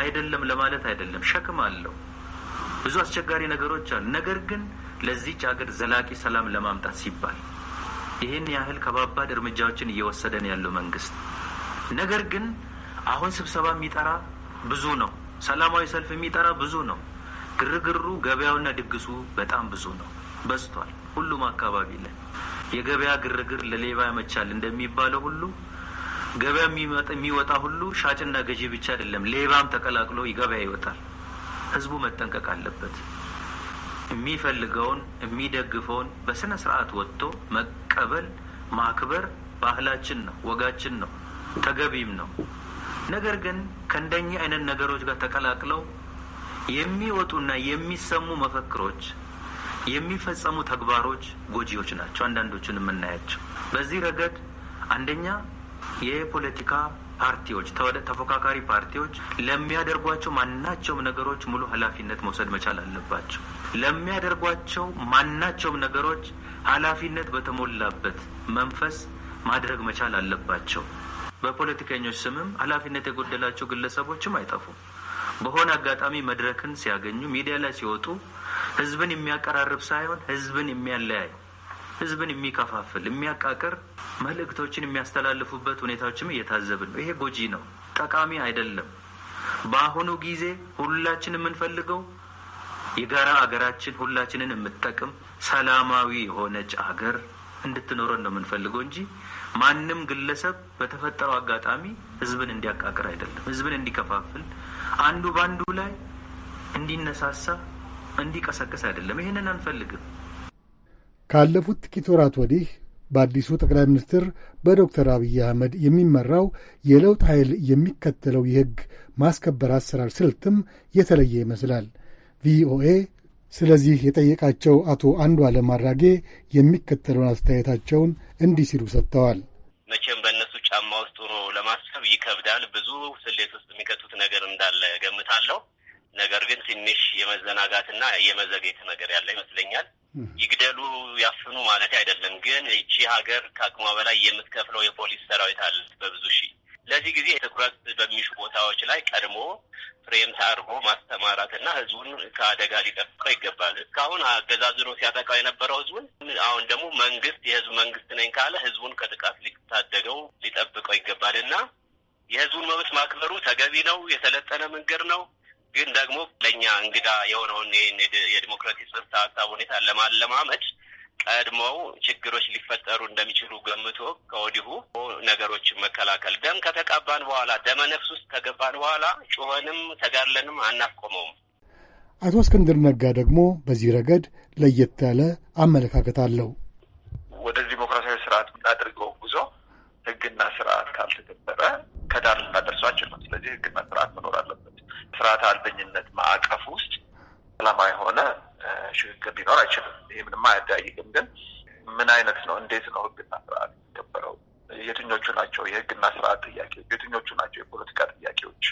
L: አይደለም ለማለት አይደለም። ሸክም አለው፣ ብዙ አስቸጋሪ ነገሮች አሉ። ነገር ግን ለዚች ሀገር ዘላቂ ሰላም ለማምጣት ሲባል ይህን ያህል ከባባድ እርምጃዎችን እየወሰደን ያለው መንግስት ነገር ግን አሁን ስብሰባ የሚጠራ ብዙ ነው። ሰላማዊ ሰልፍ የሚጠራ ብዙ ነው። ግርግሩ፣ ገበያውና ድግሱ በጣም ብዙ ነው፣ በዝቷል። ሁሉም አካባቢ ላይ የገበያ ግርግር ለሌባ ያመቻል እንደሚባለው ሁሉ ገበያ የሚወጣ ሁሉ ሻጭና ገዢ ብቻ አይደለም፣ ሌባም ተቀላቅሎ ገበያ ይወጣል። ህዝቡ መጠንቀቅ አለበት። የሚፈልገውን የሚደግፈውን በስነ ስርዓት ወጥቶ መቀበል ማክበር ባህላችን ነው፣ ወጋችን ነው፣ ተገቢም ነው። ነገር ግን ከእንደኛ አይነት ነገሮች ጋር ተቀላቅለው የሚወጡና የሚሰሙ መፈክሮች፣ የሚፈጸሙ ተግባሮች ጎጂዎች ናቸው። አንዳንዶቹን የምናያቸው በዚህ ረገድ አንደኛ የፖለቲካ ፓርቲዎች ተፎካካሪ ፓርቲዎች ለሚያደርጓቸው ማናቸውም ነገሮች ሙሉ ኃላፊነት መውሰድ መቻል አለባቸው። ለሚያደርጓቸው ማናቸውም ነገሮች ኃላፊነት በተሞላበት መንፈስ ማድረግ መቻል አለባቸው። በፖለቲከኞች ስምም ኃላፊነት የጎደላቸው ግለሰቦችም አይጠፉም። በሆነ አጋጣሚ መድረክን ሲያገኙ ሚዲያ ላይ ሲወጡ ህዝብን የሚያቀራርብ ሳይሆን ህዝብን የሚያለያይ ህዝብን የሚከፋፍል የሚያቃቅር መልእክቶችን የሚያስተላልፉበት ሁኔታዎችም እየታዘብን ነው። ይሄ ጎጂ ነው፣ ጠቃሚ አይደለም። በአሁኑ ጊዜ ሁላችን የምንፈልገው የጋራ አገራችን ሁላችንን የምትጠቅም ሰላማዊ የሆነች አገር እንድትኖረን ነው የምንፈልገው እንጂ ማንም ግለሰብ በተፈጠረው አጋጣሚ ህዝብን እንዲያቃቅር አይደለም። ህዝብን እንዲከፋፍል አንዱ በአንዱ ላይ እንዲነሳሳ እንዲቀሰቅስ አይደለም። ይህንን አንፈልግም።
E: ካለፉት ጥቂት ወራት ወዲህ በአዲሱ ጠቅላይ ሚኒስትር በዶክተር አብይ አህመድ የሚመራው የለውጥ ኃይል የሚከተለው የሕግ ማስከበር አሰራር ስልትም የተለየ ይመስላል። ቪኦኤ ስለዚህ የጠየቃቸው አቶ አንዱ አለም አራጌ የሚከተለውን አስተያየታቸውን እንዲህ ሲሉ ሰጥተዋል።
K: መቼም በእነሱ ጫማ ውስጥ ሆኖ ለማሰብ ይከብዳል። ብዙ ስሌት ውስጥ የሚከቱት ነገር እንዳለ ገምታለሁ። ነገር ግን ትንሽ የመዘናጋትና የመዘግየት ነገር ያለ ይመስለኛል። ይግደሉ፣ ያፍኑ ማለት አይደለም። ግን ይቺ ሀገር ከአቅሟ በላይ የምትከፍለው የፖሊስ ሰራዊት አለ በብዙ ሺ ለዚህ ጊዜ ትኩረት በሚሹ ቦታዎች ላይ ቀድሞ ፍሬም ታርጎ ማስተማራትና ህዝቡን ከአደጋ ሊጠብቀው ይገባል። እስካሁን አገዛዝኖ ሲያጠቃው የነበረው ህዝቡን። አሁን ደግሞ መንግስት የህዝብ መንግስት ነኝ ካለ ህዝቡን ከጥቃት ሊታደገው ሊጠብቀው ይገባል እና የህዝቡን መብት ማክበሩ ተገቢ ነው። የሰለጠነ መንገድ ነው። ግን ደግሞ ለእኛ እንግዳ የሆነውን ይህን የዲሞክራሲ ጽንሰ ሀሳብ ሁኔታ ለማለማመድ ቀድሞው ችግሮች ሊፈጠሩ እንደሚችሉ ገምቶ ከወዲሁ ነገሮችን መከላከል ደም ከተቃባን በኋላ ደመ ነፍስ ውስጥ ከገባን በኋላ ጩኸንም ተጋድለንም አናስቆመውም።
E: አቶ እስክንድር ነጋ ደግሞ በዚህ ረገድ ለየት ያለ አመለካከት አለው።
J: ወደ ዲሞክራሲያዊ ስርዓት የምናደርገው ጉዞ ህግና ስርዓት ካልተገበረ ከዳር ልናደርሰው አንችልም። ስለዚህ ህግና ስርዓት መኖር አለበት። ስርዓት አልበኝነት ማዕቀፍ ውስጥ ሰላማዊ የሆነ ሽግግር ሊኖር አይችልም። ይህ ምንም አያጠያይቅም። ግን ምን አይነት ነው? እንዴት ነው ህግና ስርዓት የሚከበረው? የትኞቹ ናቸው የህግና ስርዓት ጥያቄዎች፣ የትኞቹ ናቸው የፖለቲካ ጥያቄዎች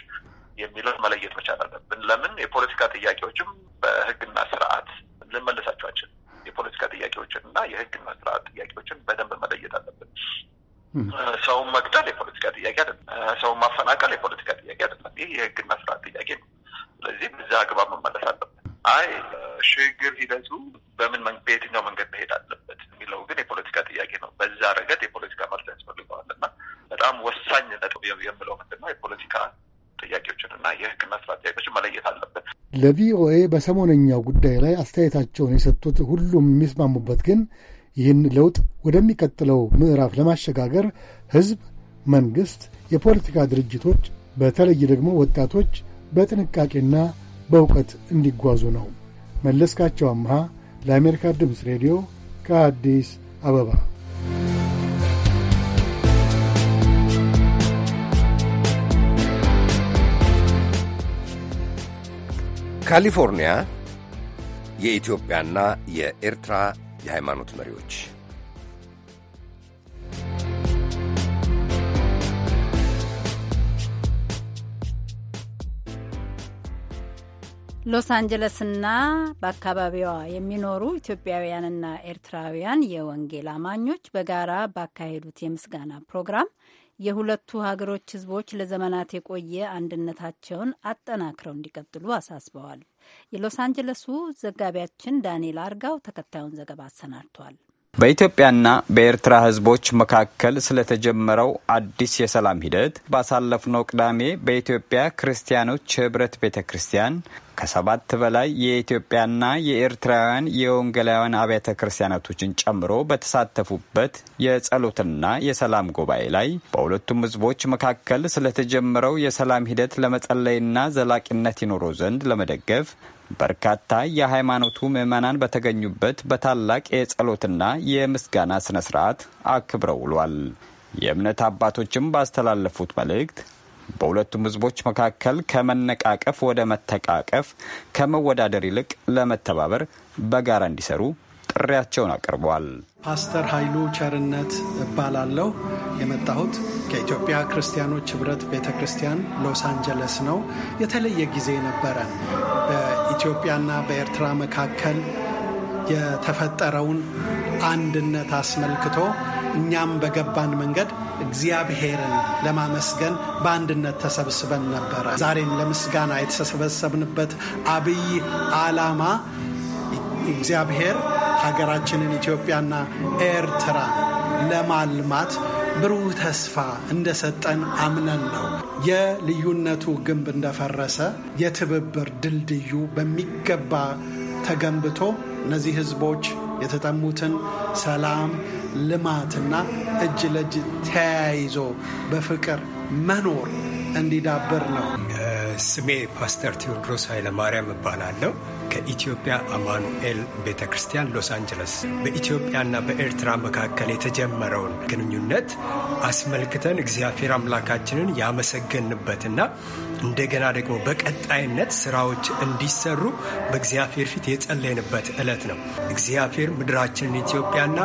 J: የሚለው መለየት መቻል አለብን። ለምን የፖለቲካ ጥያቄዎችም በህግና ስርዓት ልንመልሳቸው አንችልም። የፖለቲካ ጥያቄዎችን እና የህግና ስርዓት ጥያቄዎችን በደንብ መለየት አለብን። ሰውን መግደል የፖለቲካ ጥያቄ አይደለም። ሰውን ማፈናቀል የፖለቲካ ጥያቄ አይደለም። ይህ የህግና ስርዓት ጥያቄ ነው። ስለዚህ በዛ አግባብ መመለስ አለበት። አይ ሽግግር ሂደቱ በምን በየትኛው መንገድ መሄድ አለበት የሚለው ግን የፖለቲካ ጥያቄ ነው። በዛ ረገድ የፖለቲካ መልስ ያስፈልገዋል እና በጣም ወሳኝ ነጥብ የምለው ምንድን ነው የፖለቲካ እና የህግና ስርዓት ጥያቄዎችን መለየት
E: አለበት። ለቪኦኤ በሰሞነኛው ጉዳይ ላይ አስተያየታቸውን የሰጡት ሁሉም የሚስማሙበት ግን ይህን ለውጥ ወደሚቀጥለው ምዕራፍ ለማሸጋገር ሕዝብ፣ መንግሥት፣ የፖለቲካ ድርጅቶች በተለይ ደግሞ ወጣቶች በጥንቃቄና በእውቀት እንዲጓዙ ነው። መለስካቸው አምሃ ለአሜሪካ ድምፅ ሬዲዮ ከአዲስ አበባ።
B: ካሊፎርኒያ የኢትዮጵያና የኤርትራ የሃይማኖት መሪዎች
A: ሎስ አንጀለስና በአካባቢዋ የሚኖሩ ኢትዮጵያውያንና ኤርትራውያን የወንጌል አማኞች በጋራ ባካሄዱት የምስጋና ፕሮግራም የሁለቱ ሀገሮች ሕዝቦች ለዘመናት የቆየ አንድነታቸውን አጠናክረው እንዲቀጥሉ አሳስበዋል። የሎስ አንጀለሱ ዘጋቢያችን ዳንኤል አርጋው ተከታዩን ዘገባ አሰናድቷል።
M: በኢትዮጵያና በኤርትራ ህዝቦች መካከል ስለተጀመረው አዲስ የሰላም ሂደት ባሳለፍነው ቅዳሜ በኢትዮጵያ ክርስቲያኖች ህብረት ቤተ ክርስቲያን ከሰባት በላይ የኢትዮጵያና የኤርትራውያን የወንጌላውያን አብያተ ክርስቲያናቶችን ጨምሮ በተሳተፉበት የጸሎትና የሰላም ጉባኤ ላይ በሁለቱም ህዝቦች መካከል ስለተጀመረው የሰላም ሂደት ለመጸለይና ዘላቂነት ይኖረው ዘንድ ለመደገፍ በርካታ የሃይማኖቱ ምዕመናን በተገኙበት በታላቅ የጸሎትና የምስጋና ስነ ስርዓት አክብረው ውሏል። የእምነት አባቶችም ባስተላለፉት መልእክት በሁለቱም ህዝቦች መካከል ከመነቃቀፍ ወደ መተቃቀፍ፣ ከመወዳደር ይልቅ ለመተባበር በጋራ እንዲሰሩ ጥሪያቸውን አቅርበዋል።
E: ፓስተር ኃይሉ ቸርነት እባላለሁ። የመጣሁት ከኢትዮጵያ ክርስቲያኖች ህብረት ቤተ ክርስቲያን ሎስ አንጀለስ ነው። የተለየ ጊዜ ነበረ። በኢትዮጵያና በኤርትራ መካከል የተፈጠረውን አንድነት አስመልክቶ እኛም በገባን መንገድ እግዚአብሔርን ለማመስገን በአንድነት ተሰብስበን ነበረ። ዛሬም ለምስጋና የተሰበሰብንበት አብይ ዓላማ እግዚአብሔር ሀገራችንን ኢትዮጵያና ኤርትራ ለማልማት ብሩህ ተስፋ እንደሰጠን አምነን ነው። የልዩነቱ ግንብ እንደፈረሰ የትብብር ድልድዩ በሚገባ ተገንብቶ እነዚህ ህዝቦች የተጠሙትን ሰላም፣ ልማትና እጅ ለእጅ ተያይዞ በፍቅር መኖር እንዲዳብር ነው።
M: ስሜ ፓስተር ቴዎድሮስ ኃይለማርያም እባላለሁ። ከኢትዮጵያ አማኑኤል ቤተ ክርስቲያን ሎስ አንጀለስ በኢትዮጵያና በኤርትራ መካከል የተጀመረውን ግንኙነት አስመልክተን እግዚአብሔር አምላካችንን ያመሰገንበትና እንደገና ደግሞ በቀጣይነት ስራዎች እንዲሰሩ በእግዚአብሔር ፊት የጸለይንበት ዕለት ነው። እግዚአብሔር ምድራችንን ኢትዮጵያና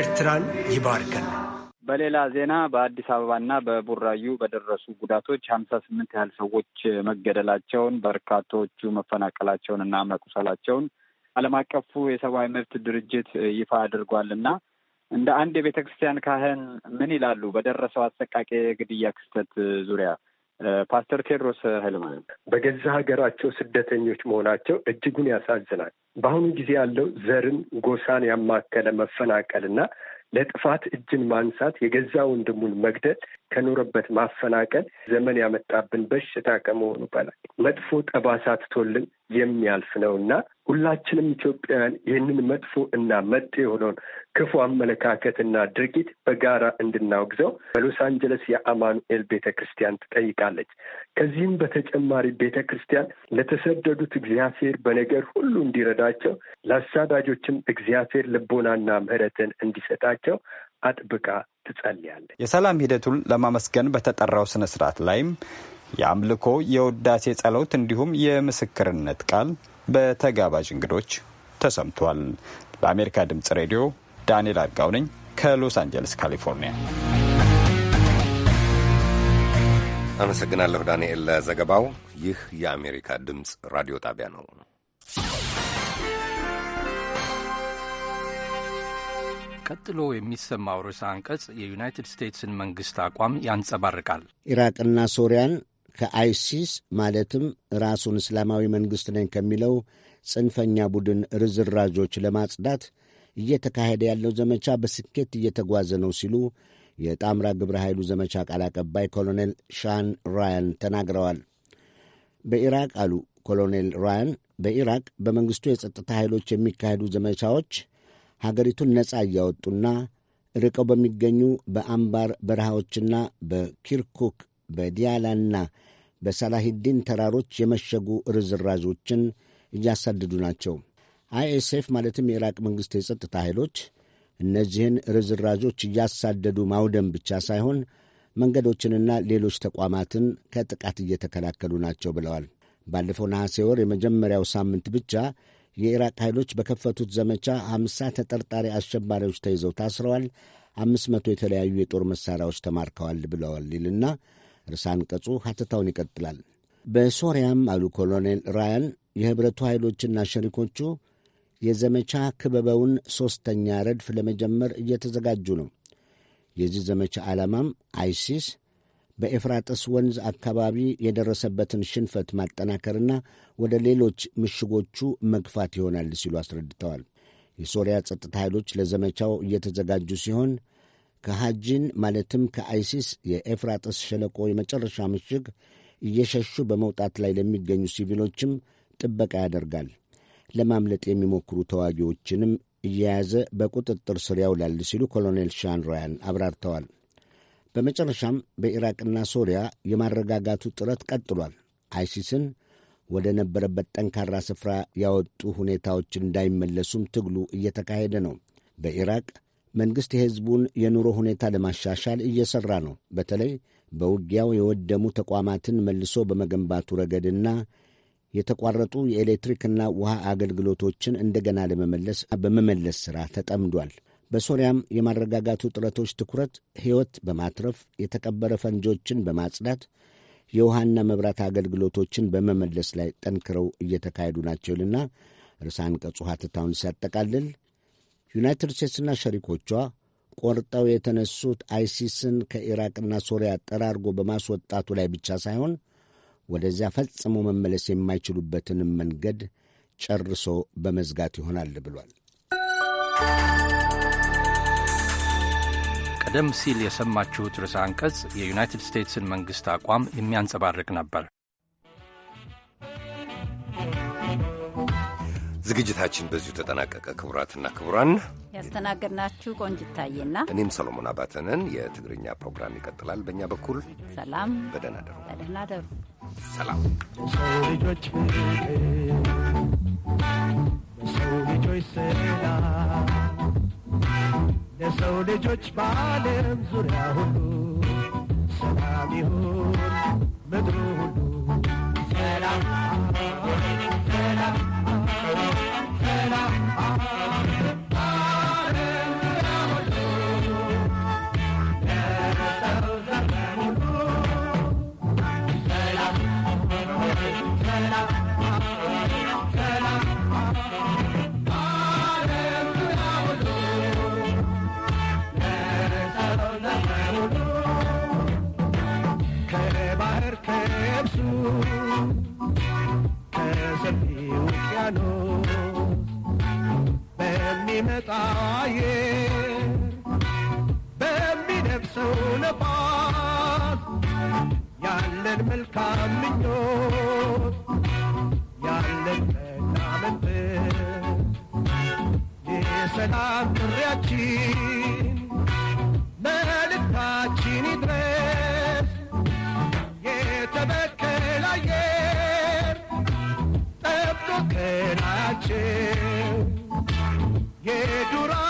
M: ኤርትራን ይባርከን። በሌላ ዜና በአዲስ አበባና በቡራዩ በደረሱ ጉዳቶች ሀምሳ ስምንት ያህል ሰዎች መገደላቸውን በርካቶቹ መፈናቀላቸውን እና መቁሰላቸውን ዓለም አቀፉ የሰብአዊ መብት ድርጅት ይፋ አድርጓል እና እንደ አንድ የቤተ ክርስቲያን ካህን ምን ይላሉ በደረሰው አሰቃቂ የግድያ ክስተት ዙሪያ? ፓስተር ቴድሮስ ኃይለማርያም በገዛ ሀገራቸው ስደተኞች መሆናቸው እጅጉን ያሳዝናል።
B: በአሁኑ ጊዜ ያለው
M: ዘርን፣ ጎሳን ያማከለ መፈናቀልና ለጥፋት እጅን ማንሳት፣ የገዛ ወንድሙን መግደል ከኖረበት ማፈናቀል ዘመን ያመጣብን በሽታ ከመሆኑ በላይ መጥፎ ጠባሳ ትቶልን የሚያልፍ ነው እና ሁላችንም ኢትዮጵያውያን ይህንን መጥፎ እና መጤ የሆነውን ክፉ አመለካከትና ድርጊት በጋራ እንድናወግዘው በሎስ አንጀለስ የአማኑኤል ቤተ ክርስቲያን ትጠይቃለች።
E: ከዚህም በተጨማሪ
M: ቤተ ክርስቲያን ለተሰደዱት እግዚአብሔር በነገር ሁሉ እንዲረዳቸው፣ ለአሳዳጆችም እግዚአብሔር ልቦናና ምሕረትን እንዲሰጣቸው አጥብቃ ትጸልያለች። የሰላም ሂደቱን ለማመስገን በተጠራው ስነ ስርዓት ላይም የአምልኮ የውዳሴ ጸሎት፣ እንዲሁም የምስክርነት ቃል በተጋባዥ እንግዶች ተሰምቷል። ለአሜሪካ ድምጽ ሬዲዮ ዳንኤል አድጋው ነኝ ከሎስ አንጀለስ ካሊፎርኒያ።
B: አመሰግናለሁ ዳንኤል ለዘገባው። ይህ የአሜሪካ ድምፅ ራዲዮ ጣቢያ ነው።
M: ቀጥሎ የሚሰማው ርዕሰ አንቀጽ የዩናይትድ ስቴትስን መንግሥት አቋም ያንጸባርቃል።
N: ኢራቅና ሶሪያን ከአይሲስ ማለትም ራሱን እስላማዊ መንግሥት ነኝ ከሚለው ጽንፈኛ ቡድን ርዝራዦች ለማጽዳት እየተካሄደ ያለው ዘመቻ በስኬት እየተጓዘ ነው ሲሉ የጣምራ ግብረ ኃይሉ ዘመቻ ቃል አቀባይ ኮሎኔል ሻን ራያን ተናግረዋል። በኢራቅ አሉ ኮሎኔል ራያን በኢራቅ በመንግሥቱ የጸጥታ ኃይሎች የሚካሄዱ ዘመቻዎች ሀገሪቱን ነጻ እያወጡና ርቀው በሚገኙ በአምባር በረሃዎችና በኪርኩክ በዲያላና በሳላሂዲን ተራሮች የመሸጉ ርዝራዞችን እያሳደዱ ናቸው። አይኤስኤፍ ማለትም የኢራቅ መንግሥት የጸጥታ ኃይሎች እነዚህን ርዝራዞች እያሳደዱ ማውደም ብቻ ሳይሆን መንገዶችንና ሌሎች ተቋማትን ከጥቃት እየተከላከሉ ናቸው ብለዋል። ባለፈው ነሐሴ ወር የመጀመሪያው ሳምንት ብቻ የኢራቅ ኃይሎች በከፈቱት ዘመቻ አምሳ ተጠርጣሪ አሸባሪዎች ተይዘው ታስረዋል፣ አምስት መቶ የተለያዩ የጦር መሣሪያዎች ተማርከዋል ብለዋል ይልና ርዕሰ አንቀጹ ሐተታውን ይቀጥላል። በሶሪያም አሉ ኮሎኔል ራያን የኅብረቱ ኃይሎችና ሸሪኮቹ የዘመቻ ክበበውን ሦስተኛ ረድፍ ለመጀመር እየተዘጋጁ ነው። የዚህ ዘመቻ ዓላማም አይሲስ በኤፍራጥስ ወንዝ አካባቢ የደረሰበትን ሽንፈት ማጠናከርና ወደ ሌሎች ምሽጎቹ መግፋት ይሆናል ሲሉ አስረድተዋል። የሶሪያ ጸጥታ ኃይሎች ለዘመቻው እየተዘጋጁ ሲሆን ከሐጂን ማለትም ከአይሲስ የኤፍራጥስ ሸለቆ የመጨረሻ ምሽግ እየሸሹ በመውጣት ላይ ለሚገኙ ሲቪሎችም ጥበቃ ያደርጋል። ለማምለጥ የሚሞክሩ ተዋጊዎችንም እየያዘ በቁጥጥር ስር ያውላል ሲሉ ኮሎኔል ሻን አብራርተዋል። በመጨረሻም በኢራቅና ሶሪያ የማረጋጋቱ ጥረት ቀጥሏል። አይሲስን ወደ ነበረበት ጠንካራ ስፍራ ያወጡ ሁኔታዎች እንዳይመለሱም ትግሉ እየተካሄደ ነው። በኢራቅ መንግሥት የሕዝቡን የኑሮ ሁኔታ ለማሻሻል እየሠራ ነው። በተለይ በውጊያው የወደሙ ተቋማትን መልሶ በመገንባቱ ረገድና የተቋረጡ የኤሌክትሪክና ውሃ አገልግሎቶችን እንደገና ለመመለስ በመመለስ ሥራ ተጠምዷል። በሶሪያም የማረጋጋቱ ጥረቶች ትኩረት ሕይወት በማትረፍ የተቀበረ ፈንጆችን በማጽዳት የውሃና መብራት አገልግሎቶችን በመመለስ ላይ ጠንክረው እየተካሄዱ ናቸው ይልና ርዕሰ አንቀጹ ሐተታውን ሲያጠቃልል ዩናይትድ ስቴትስና ሸሪኮቿ ቆርጠው የተነሱት አይሲስን ከኢራቅና ሶሪያ ጠራርጎ በማስወጣቱ ላይ ብቻ ሳይሆን ወደዚያ ፈጽሞ መመለስ የማይችሉበትንም መንገድ ጨርሶ በመዝጋት ይሆናል ብሏል። ቀደም ሲል
B: የሰማችሁት ርዕሰ አንቀጽ የዩናይትድ ስቴትስን መንግሥት አቋም የሚያንጸባርቅ ነበር። ዝግጅታችን በዚሁ ተጠናቀቀ። ክቡራትና ክቡራን
A: ያስተናገድናችሁ ቆንጅት ታዬና
B: እኔም ሰሎሞን አባተንን። የትግርኛ ፕሮግራም ይቀጥላል። በእኛ በኩል ሰላም፣ በደህና ደሩ፣ በደህና ደሩ፣ ሰላም ልጆች ሰው ልጆች
J: ለሰው ልጆች በዓለም ዙሪያ ሁሉ ሰላም ይሁን ምድሩ ሁሉ ሰላም ሊባኖስ በሚመጣ አየር በሚነፍሰው ነፋስ ያለን መልካም ምኞት ያለን መናመንት የሰላም ጥሪያችን መልእክታችን ይድረስ የተበከለ አየር ናቸው የዱራ